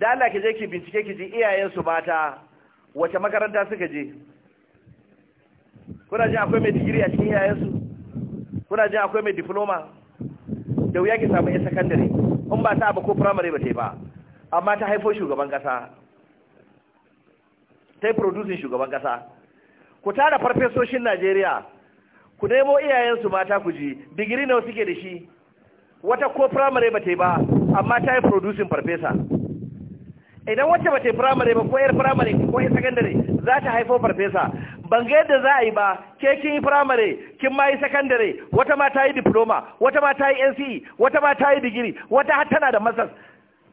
da Allah ki je ki bincike ki ji iyayensu mata wace makaranta suka je kuna ji akwai mai digiri a cikin iyayensu kuna ji akwai mai diploma da wuya ki samu 'yan sakandare in ba ta ba ko firamare ba ta yi ba amma ta haifo shugaban kasa ta yi producing shugaban kasa ku tara farfesoshin najeriya ku nemo iyayensu mata ku ji digiri nawa suke da shi wata ko firamare ba ta yi ba amma ta yi producing farfesa idan wacce ba ta yi firamare ba ko yar firamare ko yar sakandare za ta haifo farfesa ban ga yadda za a yi ba ke kin yi firamare kin ma yi sakandare wata ma ta yi diploma wata ma ta yi nce wata ma ta yi digiri wata har tana da masas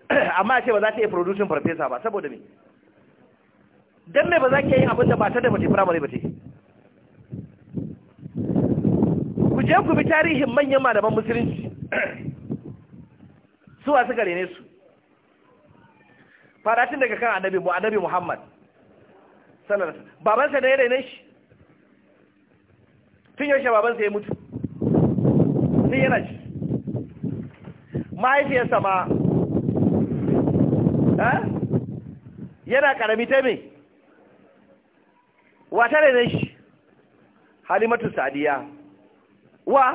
amma ce ba za ta yi producing farfesa ba saboda me dan me ba za ki yi abin da ba ta da bace firamare ba ce? ku je ku bi tarihin manyan malaman musulunci su wasu gare ne su faratin daga kan annabi mu annabi Muhammad babansa da ya raine shi tun yaushe babansa ya mutu sun yana shi mahaifiyarsa ma eh? yana karami ta mai wata raine shi halimatu sadiya wa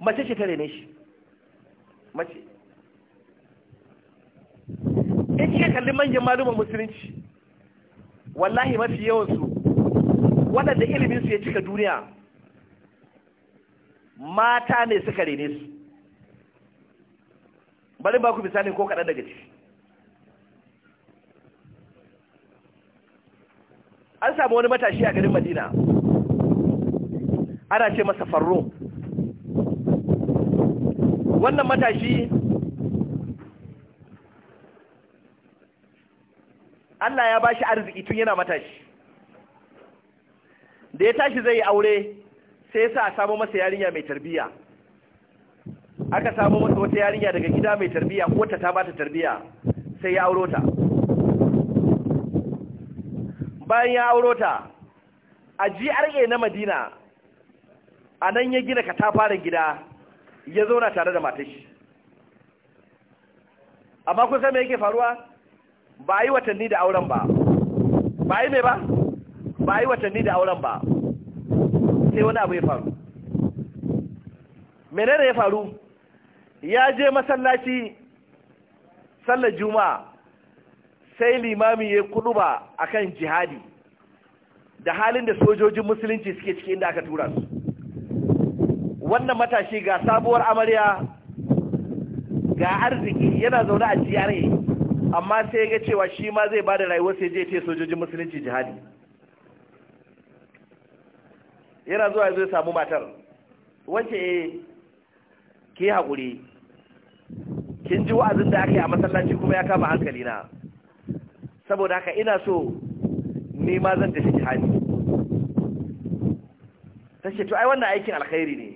mace ce ta raine shi mace in kalli manjan malumar musulunci wallahi mafi yawansu waɗanda iliminsu ya cika duniya mata ne suka rene su bari ba ku misali ko kaɗan daga ciki an samu wani matashi a garin madina ana ce masa farro wannan matashi Allah ya bashi arziki tun yana matashi da ya tashi zai yi aure sai ya sa a samu masa yarinya mai tarbiya. aka samu masa wata yarinya daga gida mai tarbiya ko ta ta bata tarbiya sai ya auro bayan ya aurota ta a GRA na Madina a nan ya gina katafaren gida ya zauna tare da matashi amma kun mai yake faruwa ba yi watanni da auren ba ba yi mai ba ba yi watanni da auren ba sai wani abu ya faru menene ya faru ya je masallaci sallar juma'a sai limami ya kudu ba a kan jihadi da halin da sojojin musulunci suke ciki inda aka tura su wannan matashi ga sabuwar amarya ga arziki yana zaune a GRA amma sai ga cewa shi ma zai ba da rayuwar sai je ce sojojin musulunci jihadi yana zuwa zai samu matar wace eh ke haƙuri kin ji wa'azin da aka yi a masallaci kuma ya kama hankali na saboda haka ina so ni ma zan tafi jihadi ta ce to ai wannan aikin alkhairi ne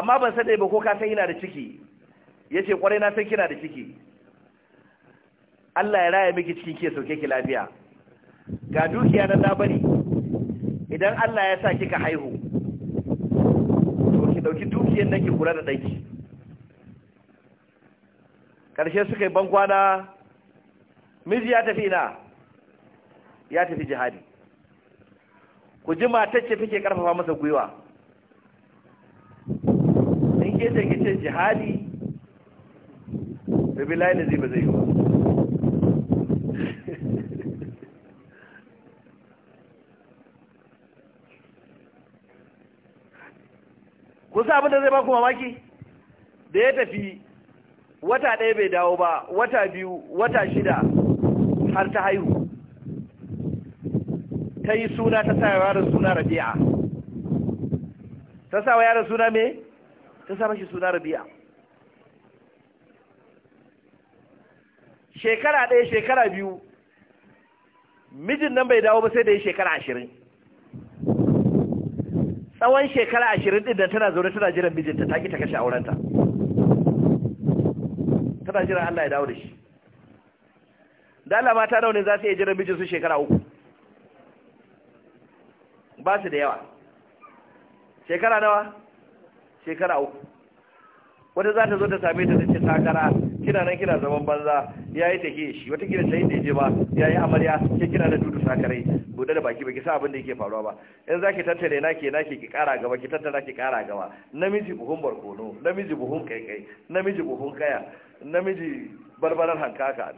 amma ban sadai ba ko ka san ina da ciki ya ce kwarai na san kina da ciki Allah ya raya miki ciki ke sauke ki lafiya ga dukiya na labari idan Allah ya sa kika haihu to ki dauki dukiyar nan ki kula da danki karshe suka yi bankwana miji ya tafi ina ya tafi jihadi ku ji matacce take karfafa masa gwiwa in ke ce jihadi da bilayin da zai ba zai yi Kusa sa abin da zai ba ku mamaki da ya tafi wata ɗaya bai dawo ba wata biyu wata shida har ta haihu ta yi suna ta sa yawar suna rabi'a ta sa wa yawar suna me ta sa mashi suna rabi'a shekara ɗaya shekara biyu mijin nan bai dawo ba sai da yi shekara ashirin tsawon shekara ashirin ɗin da tana zaune tana jiran mijinta ta ƙi ta kashe aurenta tana jiran Allah ya dawo da shi da Allah mata nawa ne za su iya jiran mijinsu shekara uku ba su da yawa shekara nawa shekara uku wata za ta zo ta same ta da ce takara kina nan kina zaman banza ya yi take shi wata kina ta yi da je ba ya yi amarya sai kina da dudu sakarai bude da baki baki sa abin da yake faruwa ba in zaki tattare na ke naki ki kara gaba ki tattara ki kara gaba namiji buhun barkono namiji buhun kaikai namiji buhun kaya namiji barbaran hankaka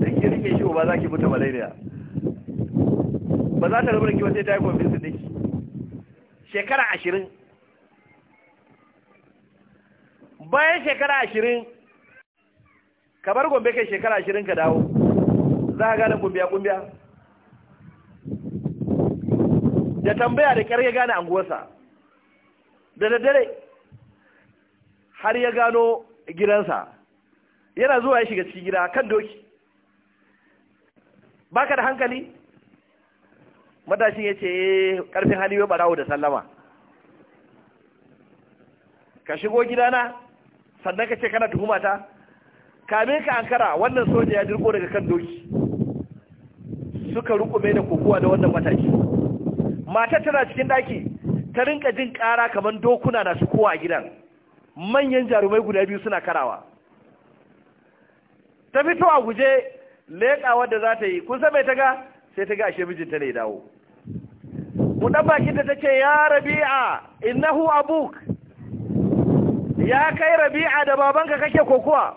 da ke rike shi ba zaki mutu malaria ba za ta rabu ki sai ta yi convince ɗin shekara ashirin bayan shekara ashirin ka gombe kai shekara ashirin ka dawo za a gane kumbiya kumbiya da tambaya da kyar ya gane anguwarsa da daddare har ya gano gidansa yana zuwa ya shiga cikin gida kan doki baka da hankali matashin ya ce karfin eh, hali barawo da sallama ka shigo gidana sannan ka ce kana tuhumata kame ka ankara wannan soja ya dirko daga kan doki suka rukume da kokowa da wannan mataki matar tana cikin daki ta rinka jin ƙara kamar dokuna na su kowa a gidan manyan jarumai guda biyu suna karawa ta fito a guje leƙawa wadda za ta yi kun san mai ta ga sai ta ga ashe mijinta ne dawo buɗan bakin da ta ce ya rabi'a innahu abuk ya kai rabi'a da babanka kake kokowa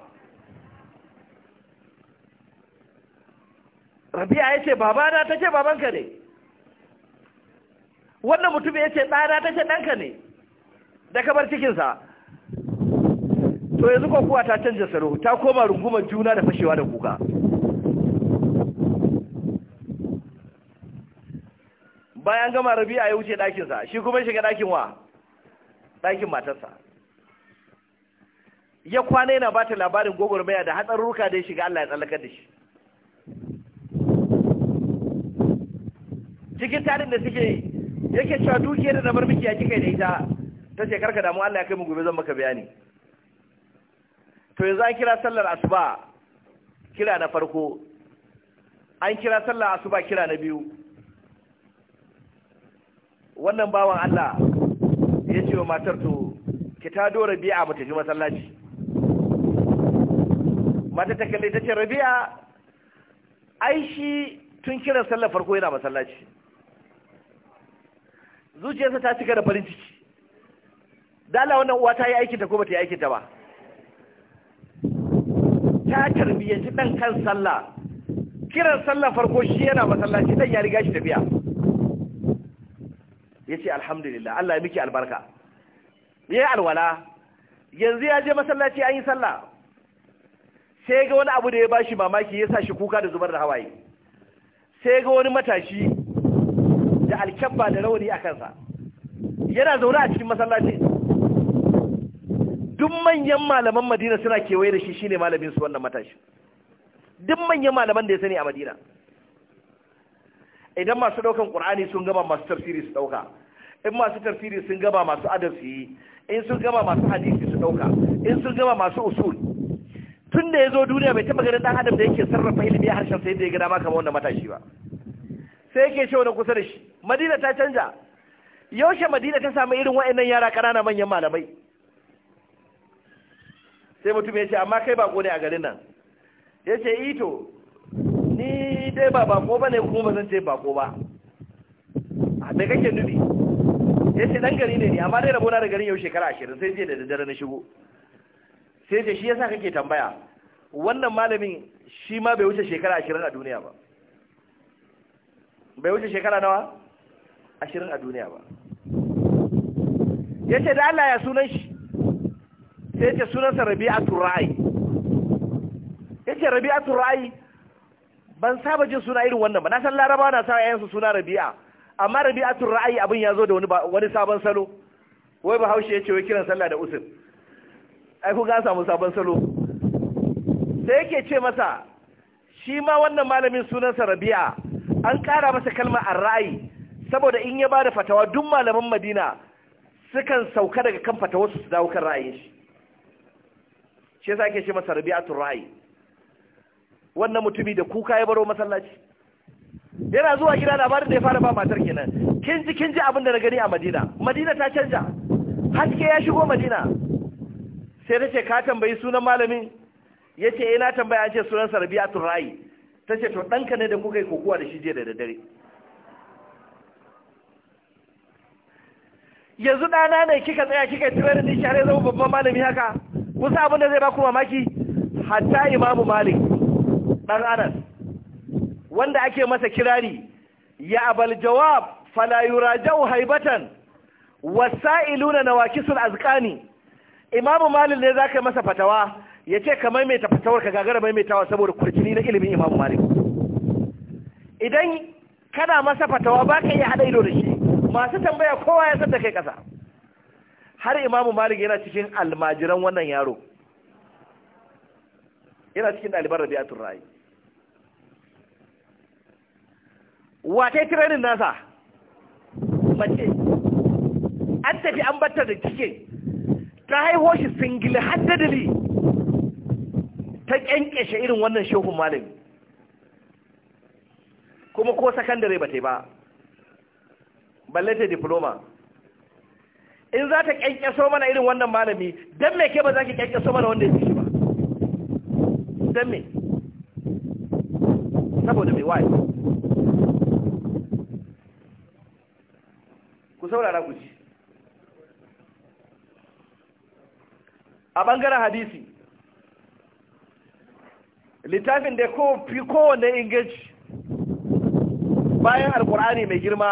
rabi'a ya ce babana ta ce babanka ne wannan mutum ya ce ɗana ta ce ɗanka ne da kamar cikinsa to yanzu kuwa ta canja saro ta koma rungumar juna da fashewa da kuka bayan gama rabi'a ya wuce ɗakinsa shi kuma shiga ɗakin wa ɗakin matarsa ya kwana yana ba ta labarin gwagwarmaya da hatsarurruka da ya shiga Allah ya tsallakar da shi cikin tarin da suke yi yake cewa dukiyar da bar miki ya kika da ita ta ce karka damu Allah ya kai mu gobe zan maka bayani to yanzu an kira sallar asuba kira na farko an kira sallar asuba kira na biyu wannan bawan Allah ya ce wa matar to ki ta dora biya mu tafi masallaci mata ta kalle ta ce rabi'a ai shi tun kiran sallar farko yana masallaci zuciyarsa ta cika da farin ciki da wannan uwa ta yi aikinta ko bata yi aikinta ba ta karbiyanci dan kan sallah kiran sallah farko shi yana masallaci dan ya riga shi tafiya ce alhamdulillah Allah ya miki albarka yi alwala yanzu ya je masallaci an yi sallah sai ga wani abu da ya ba shi mamaki ya sa shi kuka da zubar da hawaye sai ga wani matashi alkyabba da rauni a kansa yana zaune a cikin masallaci duk manyan malaman madina suna kewaye da shi shine malamin su wannan matashi duk manyan malaman da ya sani a madina idan masu daukan qur'ani sun gaba masu tafsiri su dauka in masu tafsiri sun gaba masu adabi in sun gaba masu hadisi su dauka in sun gaba masu usul tun da ya zo duniya bai taba ganin dan adam da yake sarrafa ilimi harshen sai da ya ga dama kamar wannan matashi ba sai yake cewa na kusa da shi madina ta canja yaushe madina ta samu irin wa'annan yara ƙanana manyan malamai sai mutum ya ce amma kai bako ne a garin nan ya ce ito eh ni dai ba bako ba ne kuma zan ce bako ba a da kake nubi. ya ce dan gari ne ne amma dai rabona da garin yau shekara ashirin sai je da daddare na shigo sai ce shi yasa kake tambaya wannan malamin shi ma bai wuce shekara ashirin a duniya ba bai wuce shekara nawa ashirin a duniya ba ya ce da Allah ya sunan shi sai ce sunansa a ra'ayi ya ce a ra'ayi ban saba jin suna irin wannan ba na san Laraba na sa yayansu suna rabi'a amma a ra'ayi abin ya zo da wani sabon salo wai bahaushe ya ce wai kiran sallah da usul ai ku ga samu sabon salo sai yake ce masa shi ma wannan malamin sunansa rabi'a an ƙara masa kalma a ra'ayi saboda in ya ba da fatawa duk malaman madina sukan sauka daga kan fatawarsu su dawo kan ra'ayin shi shi yasa ake ce masa rabi'atul ra'ayi wannan mutumi da kuka ya baro masallaci yana zuwa gida labarin da ya fara ba matar kenan kin ji kin ji abin da na gani a madina madina ta canja haske ya shigo madina sai ta ce ka tambayi sunan malamin ya ce ina eh, tambaya an ce sunan sarbiyatul ra'ayi. ta ce to ɗanka ne da kuka yi kokowa da shi jiya da daddare yanzu ɗana ne kika tsaya kika yi tsibirin da share zama babban malami haka kusa abin da zai baku mamaki hatta imamu malik ɗan anas wanda ake masa kirari ya abal jawab falayura jau haibatan Wasa'ilu, na wakisul azkani imamu malik ne za ka masa fatawa ya ce ka maimaita fatawar ka gagara maimaitawa saboda kurkini na ilimin imamu malik idan kana masa fatawa ba ka iya haɗa ido da shi masu tambaya kowa ya san da kai kasa har imamu malik yana cikin almajiran wannan yaro yana cikin ɗaliban rabi'atun turai wata tirenin nasa mace an tafi an batta da cikin ta haihuwa shi singili haddadili ta kyankyashe irin wannan shehun malami kuma ko sakandare ba ta ba balle ta diploma in za ta kyankyaso mana irin wannan malami don me ke ba za ki kyankyaso mana wanda ya fi shi ba don me saboda mai waye ku saurara ku ci a bangaren hadisi littafin da fi kowane inganci bayan alkur'ani mai girma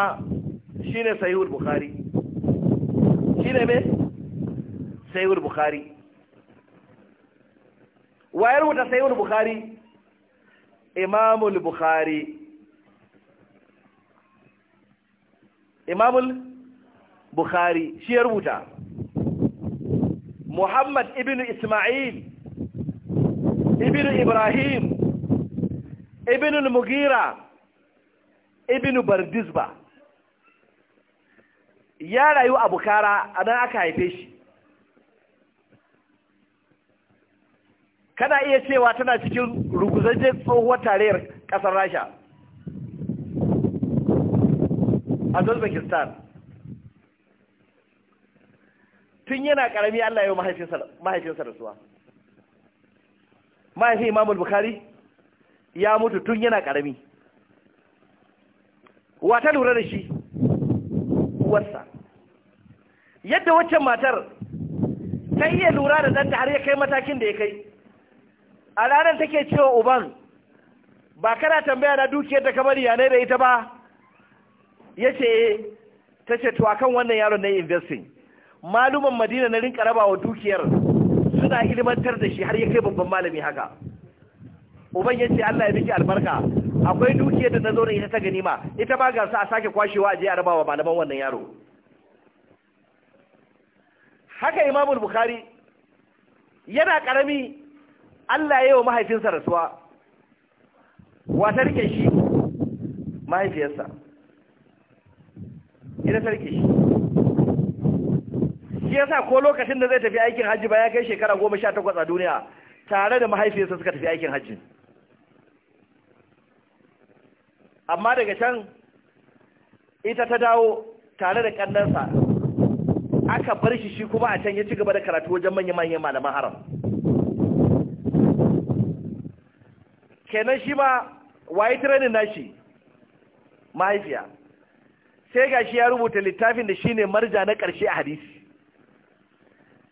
shine Sayyid bukhari shine me Sayyid bukhari wayar wuta Sayyid bukhari imamul bukhari imamul bukhari shi ya rubuta muhammad ibn isma'il ibinu ibrahim ibinu mugira ibinu bardisba ya rayu a bukara a nan aka haife shi kana iya cewa tana cikin ruguzajen tsohuwar tarayyar ƙasar rasha a uzbekistan tun yana ƙarami allah ya mahaifinsa rasuwa mahaifin Imamul bukhari ya mutu tun yana karami wata lura da shi uwarsa yadda waccan matar ta iya lura da ɗanta har ya kai matakin da ya kai a ranar take cewa uban ba kana tambaya na dukiyar da kamar yana da ita ba ya ce eh. ta ce to kan wannan yaron na investing maluman madina na rinka rabawa dukiyar suna ilmantar da shi har ya kai babban malami haka uban ya ce Allah ya miki albarka akwai dukiyar da ta zo da ita ta ganima ita ba ga a sake kwashewa a je a rabawa malaman wannan yaro haka imamu bukhari yana karami Allah ya yi wa mahaifinsa rasuwa wata rike shi mahaifiyarsa ina ta shi shi sa ko lokacin da zai tafi aikin hajji ba ya kai shekara goma sha takwas a duniya tare da mahaifiyarsa suka tafi aikin hajji amma daga can ita ta dawo tare da ƙannansa aka bar shi shi kuma a can ya ci gaba da karatu wajen manya-manyan malaman haram kenan shi ma waye training nashi mahaifiya sai ga shi ya rubuta littafin da shi ne marja na ƙarshe a hadisi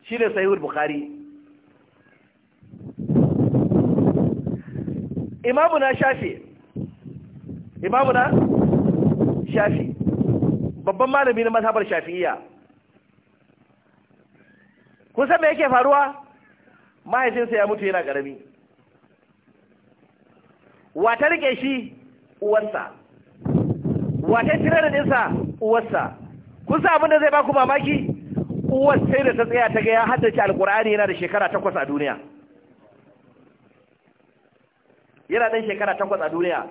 shi ne sahihul bukari imamu na shafi imamu na shafi babban malami na mazhabar shafi'iyya kun san me yake faruwa mahaifinsa ya mutu yana ƙarami wata rike shi uwarsa wata tirar ɗinsa uwarsa kun san abin da zai baku mamaki uwar sai da ta tsaya ta ga ya haddace alkur'ani yana da shekara takwas a duniya yana ɗan shekara takwas a duniya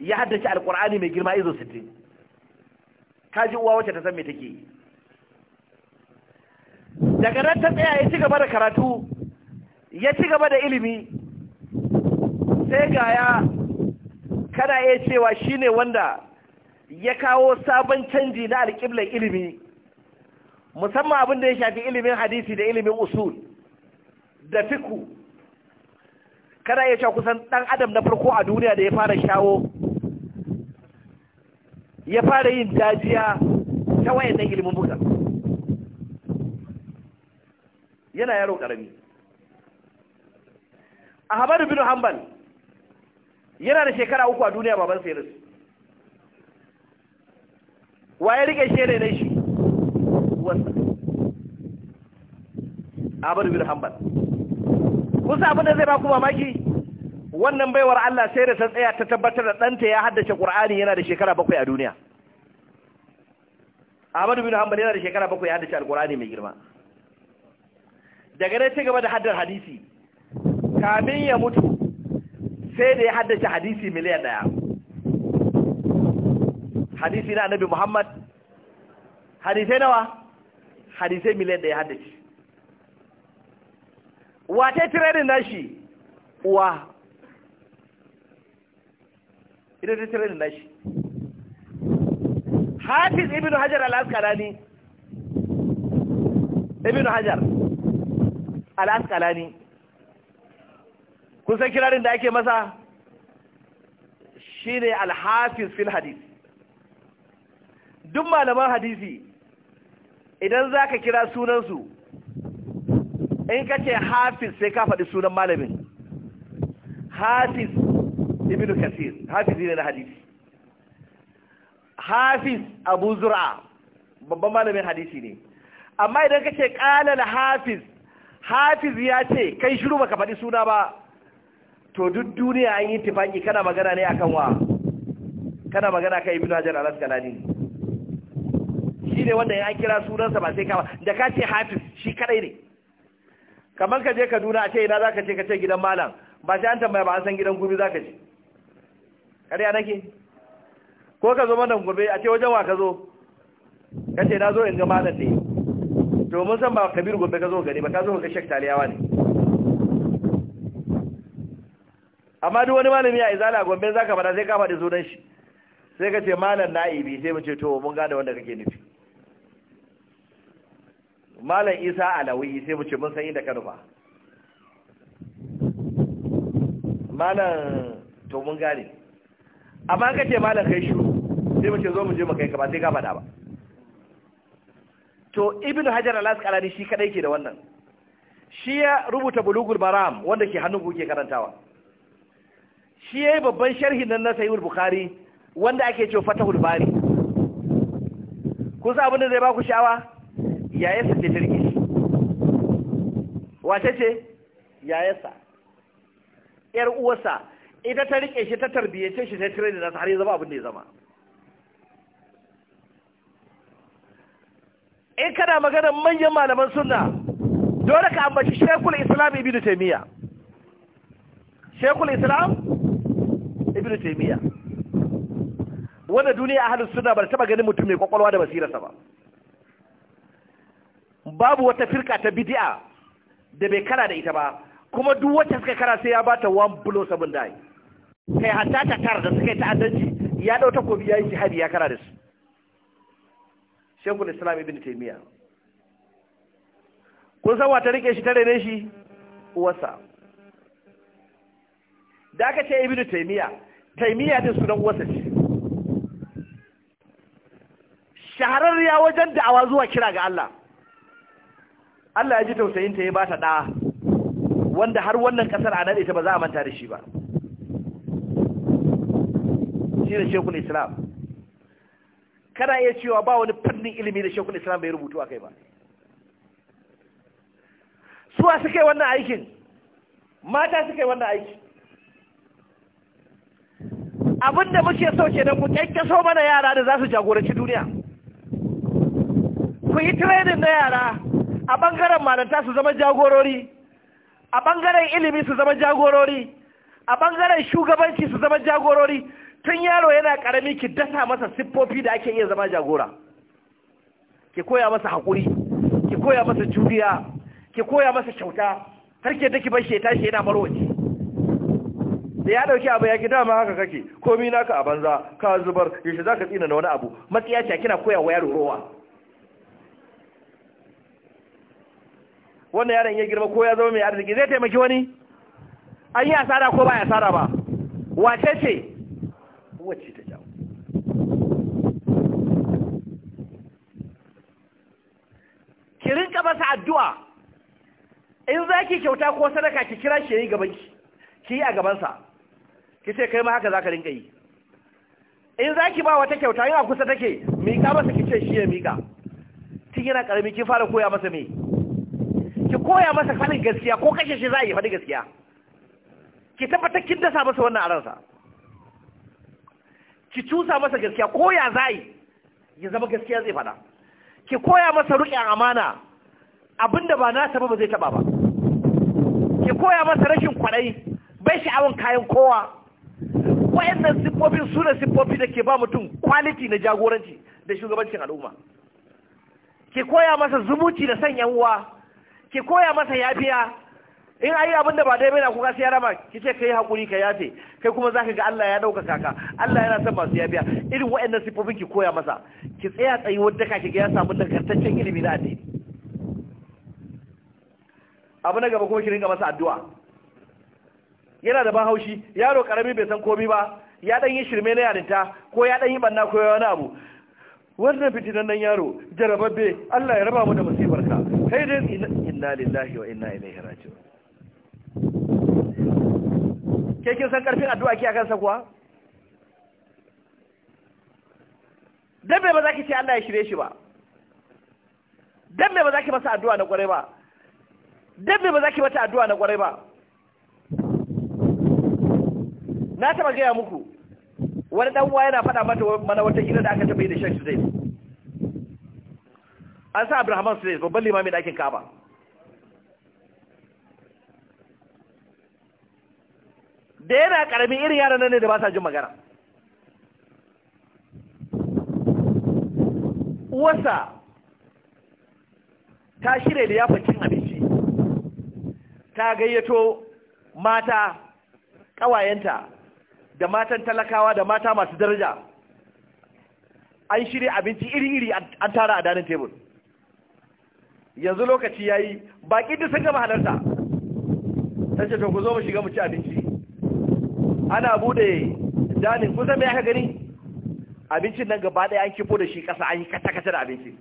ya haddace alkur'ani mai girma izo sittin ka ji uwa wacce ta san me take daga nan ta tsaya ya ci gaba da karatu ya ci gaba da ilimi sai ga ya kana iya cewa shine wanda ya kawo sabon canji na alƙiblar ilimi musamman abin da ya shafi ilimin hadisi da ilimin usul da fiku kada iya sha kusan ɗan adam na farko a duniya da ya fara shawo ya fara yin dajiya ta wayannan ilimin buga yana yaro ƙarami ahmadu bin hanbal yana da shekara uku a duniya baban sai rasu wa ya rike shi ne shi uwansa Ahmad bin Hanbal kusa abin da zai ba ku mamaki wannan baiwar Allah sai da ta tsaya ta tabbatar da ɗanta ya haddace Qur'ani yana da shekara bakwai a duniya Ahmad bin Hanbal yana da shekara bakwai ya haddace al mai girma daga nan ci gaba da haddar hadisi kamin ya mutu sai da ya haddace hadisi miliyan daya hadisi na annabi Muhammad hadisai nawa hadisai miliyan da ya haddace wata tirenin nashi uwa ita ta tirenin nashi hafiz ibn hajar al-asqalani ibn hajar al-asqalani kun kirarin da ake masa shine al-hafiz fil hadith duk malaman hadisi idan za ka kira sunansu in ka ce hafiz sai ka faɗi sunan malamin hafiz ibn kasir hafiz ne na hadisi hafiz abu zura babban malamin hadisi ne amma idan ka ce ƙalar hafiz hafiz ya ce kai shiru ba ka faɗi suna ba to duk duniya an yi tufaƙi kana magana ne akan wa kana magana kan ibn hajar alaskalani ne shi ne wanda ya kira sunansa ba sai kawa da ka ce hafiz shi kadai ne kamar ka je kaduna a ce ina za ka ce ka ce gidan malam ba sai an tambaya ba an san gidan gumi za ka ce ƙarya nake ko ka zo manan gobe a ce wajen wa ka zo ka ce na zo in ga malam ne domin san ba kabir gobe ka zo gani ba ka zo ga shek taliyawa ne amma duk wani malami ya izala gombe za ka fada sai ka faɗi sunan shi sai ka ce malam na'ibi sai mu ce to mun gane wanda kake nufi malam isa alawi sai mu ce mun san inda ka nufa malam to mun gane amma ka ce malam kai shiru sai mu ce zo mu je mu kai ka ba sai ka fada ba to ibnu hajar al-asqalani shi kadai ke da wannan shi ya rubuta bulugul maram wanda ke hannun kuke karantawa shi yayi babban sharhi nan na Sayyid bukhari wanda ake cewa fatahul bari kun san abin da zai ba ku sha'awa yayarsa ce ta wace ce yayarsa yar uwarsa ita ta rike shi ta tarbiyyace shi ta tire da nasa har ya zama abin da ya zama in kana maganar manyan malaman sunna dole ka ambaci shekul islam ibn taimiyya shekul islam ibn taimiyya wanda duniya ahalus sunna ba ta taba ganin mutum mai kwakwalwa da basirarsa ba babu wata firka ta bidi'a da bai kara da ita ba kuma duk wacce suka kara sai ya ta one blow sabon da kai hatta ta tara da suka yi ta'addanci ya dau ko ya yi jihadi ya kara da su shekul islam ibn taymiya kun san wata rike shi tare ne shi uwarsa da aka ce ibn taymiya taymiya din sunan uwarsa ce shahararriya wajen da'awa zuwa kira ga Allah Allah ya ji tausayin ta ya ta da wanda har wannan kasar a nade ta ba za a manta da shi ba shi da shekul islam kana iya cewa ba wani fannin ilimi da shekul islam bai rubutu a kai ba suwa suka yi wannan aikin mata suka yi wannan aiki abinda muke so ke da ku kyakkyaso mana yara da za su jagoranci duniya ku yi training na yara a ɓangaren malanta su zama jagorori a ɓangaren ilimi su zama jagorori a ɓangaren shugabanci su zama jagorori tun yaro yana ƙarami ki dasa masa siffofi da ake iya zama jagora ki koya masa haƙuri ki koya masa juriya ki koya masa kyauta har ke daki bar sheta shi yana marwaci da ya dauki abu ya ki dama haka kake komi naka a banza ka zubar yaushe za ka tsina na wani abu matsiya ce kina koya wa yaro rowa wannan yaron ya girma ko ya zama mai arziki zai taimaki wani an yi asara ko ba ya asara ba wace ce wace ta jawo ki ka masa addu'a in za ki kyauta ko sadaka ki kira shi yayi gaban ki ki yi a gabansa ki ce kai ma haka za ka rinka yi in za ki ba wata kyauta yin a kusa take miƙa masa ki ce shi ya miƙa tun yana ƙarami ki fara koya masa mai ki koya masa faɗin gaskiya ko kashe shi za a yi faɗi gaskiya ki tabbatar kin dasa masa wannan a sa. ki cusa masa gaskiya koya za ya zama gaskiya zai faɗa ki koya masa riƙen amana abinda ba na ba ba zai taɓa ba ki koya masa rashin kwaɗayi bai sha'awar kayan kowa wayannan siffofin su ne siffofi da ke ba mutum kwaliti na jagoranci da shugabancin al'umma ki koya masa zumunci da sanya uwa ki koya masa yafiya in ayi abin da ba daidai na kuka sai ya rama ki ce kai hakuri ka yafe kai kuma zaka ga Allah ya daukaka ka Allah yana son masu yafiya irin waɗannan sifofin ki koya masa ki tsaya tsayi wanda kake kiga ya samu nagartaccen ilimi na addini abu na gaba kuma ki ringa masa addu'a yana da ban haushi yaro karami bai san komai ba ya dan yi shirme na yarinta ko ya dan yi banna ko wani abu wannan fitinan nan yaro jarababbe Allah ya raba mu da musibarka kai dai inna lillahi wa inna ilaihi raji'un ke kin san karfin addu'a ke akan sa kuwa dabbe ba za ki ce Allah ya shirye shi ba dabbe ba za ki masa addu'a na kwarai ba dabbe ba za ki mata addu'a na kwarai ba na taba gaya muku wani dan uwa yana faɗa mata mana wata hira da aka taba yi da Sheikh Zaid an sa su Suleis babban limamin ɗakin kaba da yana karami irin yaran nan ne da ba sa jin magana uwarsa ta shirya da yafa cin abinci ta gayyato mata ƙawayenta da matan talakawa da mata masu daraja an shirya abinci iri-iri an tara a danin tebur yanzu lokaci ya yi baƙi da sun gama halarta ta ce to ku zo mu shiga mu ci abinci ana bude danin kusan me aka gani abincin nan gaba ɗaya an kifo da shi ƙasa an yi kata da abinci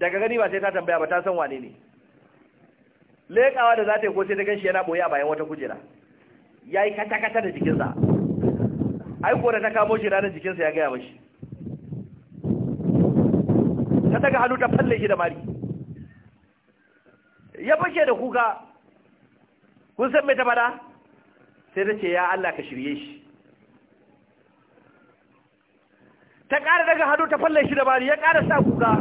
daga gani ba sai ta tambaya ba ta san wane ne leƙawa da za ta yi ko sai ta ganshi yana ɓoye a bayan wata kujera ya yi kata da jikinsa ai ko ta kamo shi ranar jikinsa ya gaya mashi ta daga hannu ta falle shi da mari ya fashe da kuka kun san mai ta fada sai ta ce ya Allah ka shirye shi ta ƙara daga hannu ta falle shi da bari ya ƙara sa kuka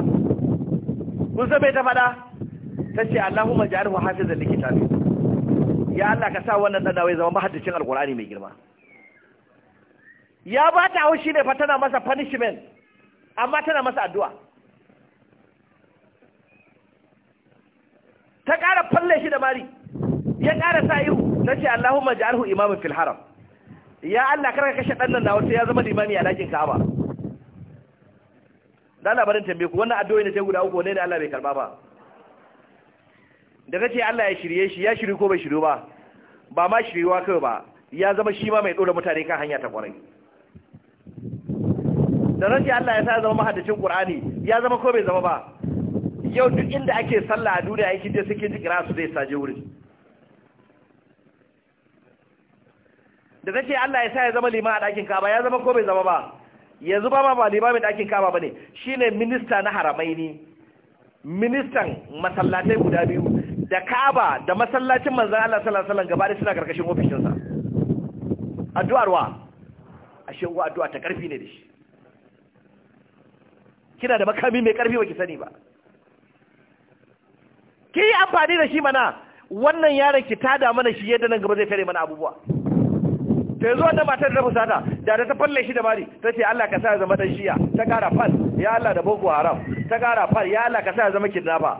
kun san ta faɗa ta ce Allahumma ja'alhu hafizan likitabi ya Allah ka sa wannan dan dawai zama mahaddicin alqur'ani mai girma ya ba ta haushi ne fa tana masa punishment amma tana masa addu'a ta ƙara falle shi da bari ya ƙara sa ihu tace Allahumma ja'alhu Imamin fil haram ya Allah kar kashe dan nan wasu sai ya zama limami a dakin Ka'aba dan labarin tambaye ku wannan addu'o'i ne sai guda uku ne da Allah bai karba ba da ce Allah ya shirye shi ya shiri ko bai shiru ba ba ma shiriwa kai ba ya zama shi ma mai dora mutane kan hanya ta kwarai da ce Allah ya sa zama mahaddacin Qur'ani ya zama ko bai zama ba yau duk inda ake sallah a duniya yake je suke jikira su zai saje wurin da ta ce Allah ya sa ya zama liman a ɗakin kaba ya zama ko bai zama ba yanzu ba ma ba limamin ɗakin kaba ba ne shi ne minista na haramai ne ministan masallatai guda biyu da kaba da masallacin manzan Allah salasalan gaba da suna karkashin ofishinsa addu'arwa a Uwa addu'a ta ƙarfi ne da shi kina da makami mai ƙarfi baki sani ba ki yi amfani da shi mana wannan yaron ki tada mana shi yadda nan gaba zai tare mana abubuwa ta yanzu wannan matar da fusata da ta falle shi da mari ta ce Allah ka sa ya zama dan shiya ta kara fal ya Allah da boko haram ta kara fal ya Allah ka sa ya zama kidnapper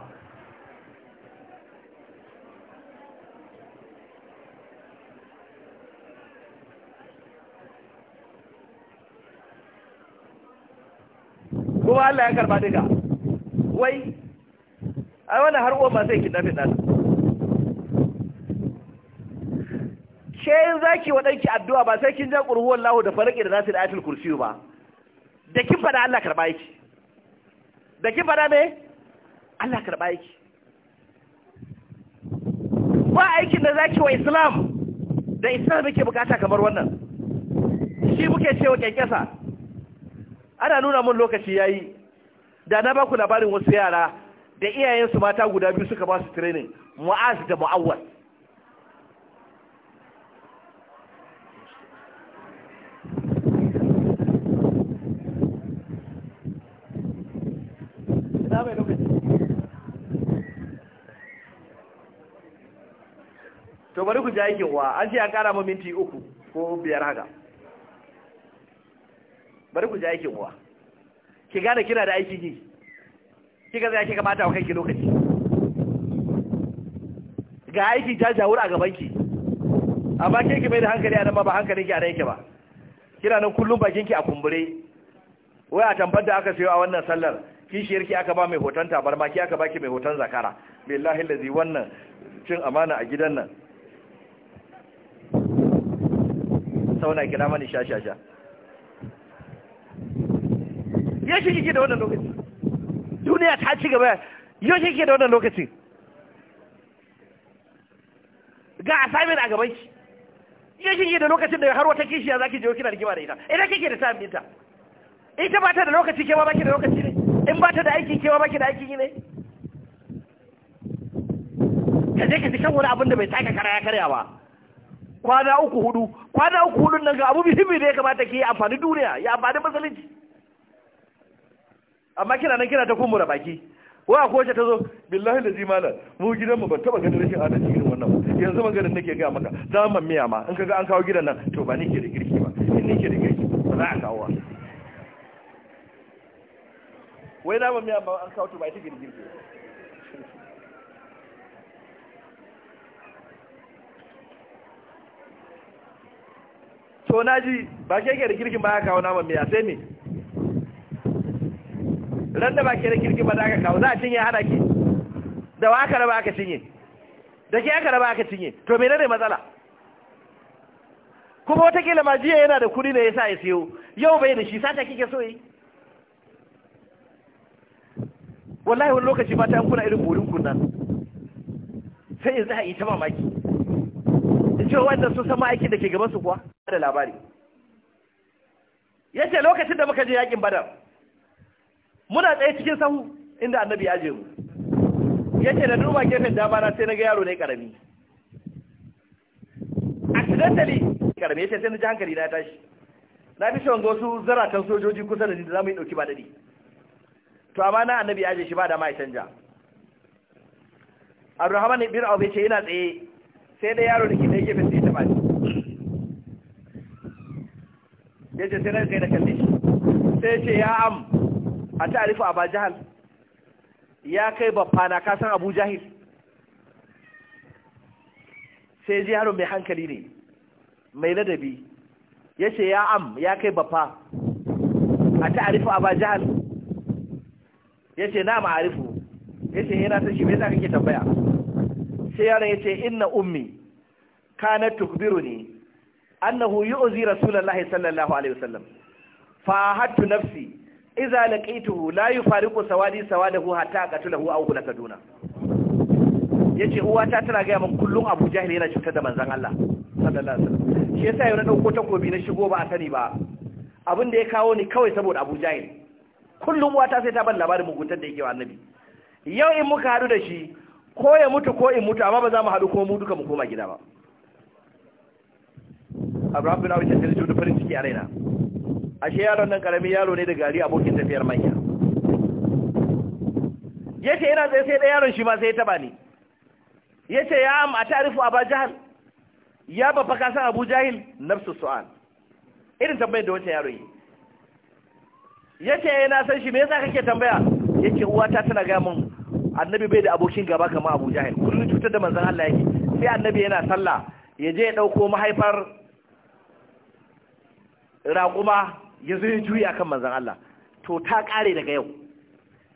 kuma Allah ya karba duka wai ai wannan har uwa ba sai kidnapper din she za zaki wa ɗanki addu'a ba sai kin ja qurhu lahu da farin da nasu da ayatul kursiyu ba da kin fada Allah karɓa yake da kin fada me Allah karɓa yake ba aikin da zaki wa islam da islam yake bukata kamar wannan shi muke cewa kyankyasa ana nuna mun lokaci ya yi da na baku labarin wasu yara da iyayensu mata guda biyu suka ba su training mu'az da mu'awwal to bari ku ji aikin wa an ce an kara ma minti uku ko biyar haka bari ku ji aikin wa ki gane kina da aiki yi kika zai kika bata wa kanki lokaci ga aiki ta jawura a gabanki amma ke ki mai da hankali a nan ba ba hankalin ki a nan yake ba kina nan kullum bakin ki a kumbure wai a tambar da aka sayo a wannan sallar kishiyar ki aka ba mai hoton tabarma ki aka baki mai hoton zakara billahi lazi wannan cin amana a gidan nan sauna kira mani sha sha sha ya shi kike da wannan lokaci duniya ta ci gaba yau shi kike da wannan lokacin ga asamin a gaban ki ya kike da lokacin da har wata kishiya zaki je kina rigima da ita idan kike da time ɗinta ita ba ta da lokaci ke ba baki da lokaci ne in ba ta da aikin kewa ba ki da aikin yi ne ka je ka ji kan wani abin da bai taka kara ya karya ba kwana uku hudu kwana uku hudun nan ga abu muhimmi da ya kamata ki amfani duniya ya amfani musulunci amma kina nan kina ta da baki wa ko ta zo billahi da zimana mu gidanmu ba taba ganin rashin adalci irin wannan ba yanzu maganar nake ga maka zaman miya ma in kaga an kawo gidan nan to ba ni ke da girki ba in nike da girki ba za a kawo wai ba miya ba an kawo tuba ba girgin girgir to na ji ba ke da girgin ba aka kawo ba miya sai ne ran da ba ke da ba za ka kawo za a cinye hana ki da wa aka raba aka cinye da ke aka raba aka cinye to mene ne matsala kuma watakila ma jiya yana da kuɗi ne ya sa ya siyo yau bai da shi sata kike so yi wallahi wani lokaci mata yan kuna irin burin kunan sai yanzu a yi ta mamaki in ce wanda sun sama aikin da ke gaban su kuwa da labari ya ce lokacin da muka je yakin badar muna tsaye cikin sahu inda annabi ya je mu ya ce da duba gefen na, sai na ga yaro ne karami accidentally karami ya ce sai na ji hankali na tashi na fi shi wanga wasu zaratan sojoji kusa da ni da za mu yi ɗauki ba daɗi to amma na annabi ya shi ba da mai canja Abdurrahman ibn Abi ce yana tsaye sai da yaro da ke dai gefen sai ta bani yace sai na kai da kalle shi sai ce ya am a ta'rifu Abu Jahal ya kai baffa na ka san Abu Jahil sai ji yaro mai hankali ne mai ladabi yace ya am ya kai baffa a ta'rifu Abu Jahal yace na ma'arifu yace yana ta shi me zaka ke tambaya sai yaron ce inna ummi kanat tukbiruni annahu yu'zi rasulullahi sallallahu alaihi wasallam fa hattu nafsi idza laqituhu la yufariqu sawadi sawadahu hatta qatulahu aw kaduna. yace uwa ta tana ga min kullun Abu Jahil yana cutar da manzon Allah sallallahu alaihi wasallam shi yasa yau na dauko takobi na shigo ba a sani ba abin da ya kawo ni kawai saboda Abu Jahil kullum wata sai ta ban labarin muguntar da yake wa annabi yau in muka haɗu da shi ko ya mutu ko in mutu amma ba za mu haɗu ko mu duka mu koma gida ba abraham bin awicin da da farin ciki a raina ashe yaron nan karami yaro ne da gari abokin tafiyar manya ya ce yana tsaye sai ɗaya yaron shi ma sai ya taba ni ya ce ya am a tarifu a ba jihar ya ba faka san abu jahil nafsu su'an irin tambayar da wancan yaro yi yace yana eh, na san shi me yasa kake tambaya yace uwata tana ga mun annabi bai da abokin gaba kamar Abu Jahil kullun cutar da manzon Allah yake sai annabi yana sallah ya je ya dauko mahaifar raquma ya zo ya juya kan manzon Allah to ta kare daga yau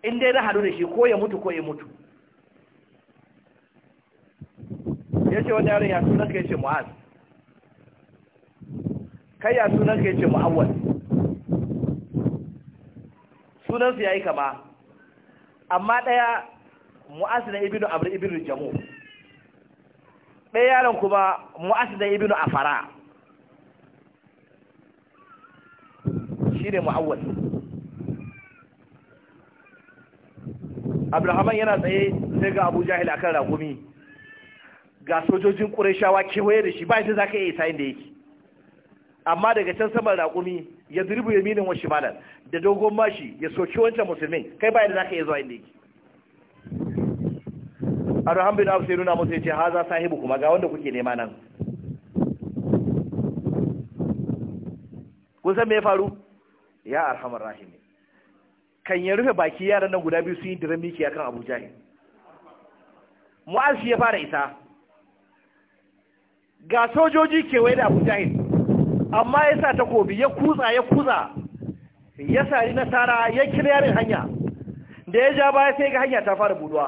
in dai na hadu da shi ko ya mutu ko ya mutu yace wani yaron ya sunan ka ce Mu'az kai ya sunan kai ce Mu'awwal sunansu ya yi kama amma ɗaya da ibinu abu ibinu jamu ɗaya yaron kuma mu'asina ibinu afara shi ne mu'awwal abdulhaman yana tsaye sai ga abu jahil akan ragumi ga sojojin ƙurai shawa kewaye da shi ba shi za ka iya isa inda yake amma daga can saman raƙumi ya zirbu yaminin wa shimalan da dogon mashi ya soki wancan musulmin kai ba da zaka iya zuwa inda yake Arham bin Abu sai nuna musu yace haza sahibu kuma ga wanda kuke nema nan kun san me ya faru ya arhamar rahim kan ya rufe baki yaran nan guda biyu sun yi diran miki akan Abu Jahil Mu'az ya fara isa ga sojoji kewaye da Abu Jahil amma ya sa takobi ya kutsa ya kutsa ya sari nasara tara ya kiriyarin hanya da ya ja baya sai ga hanya ta fara buduwa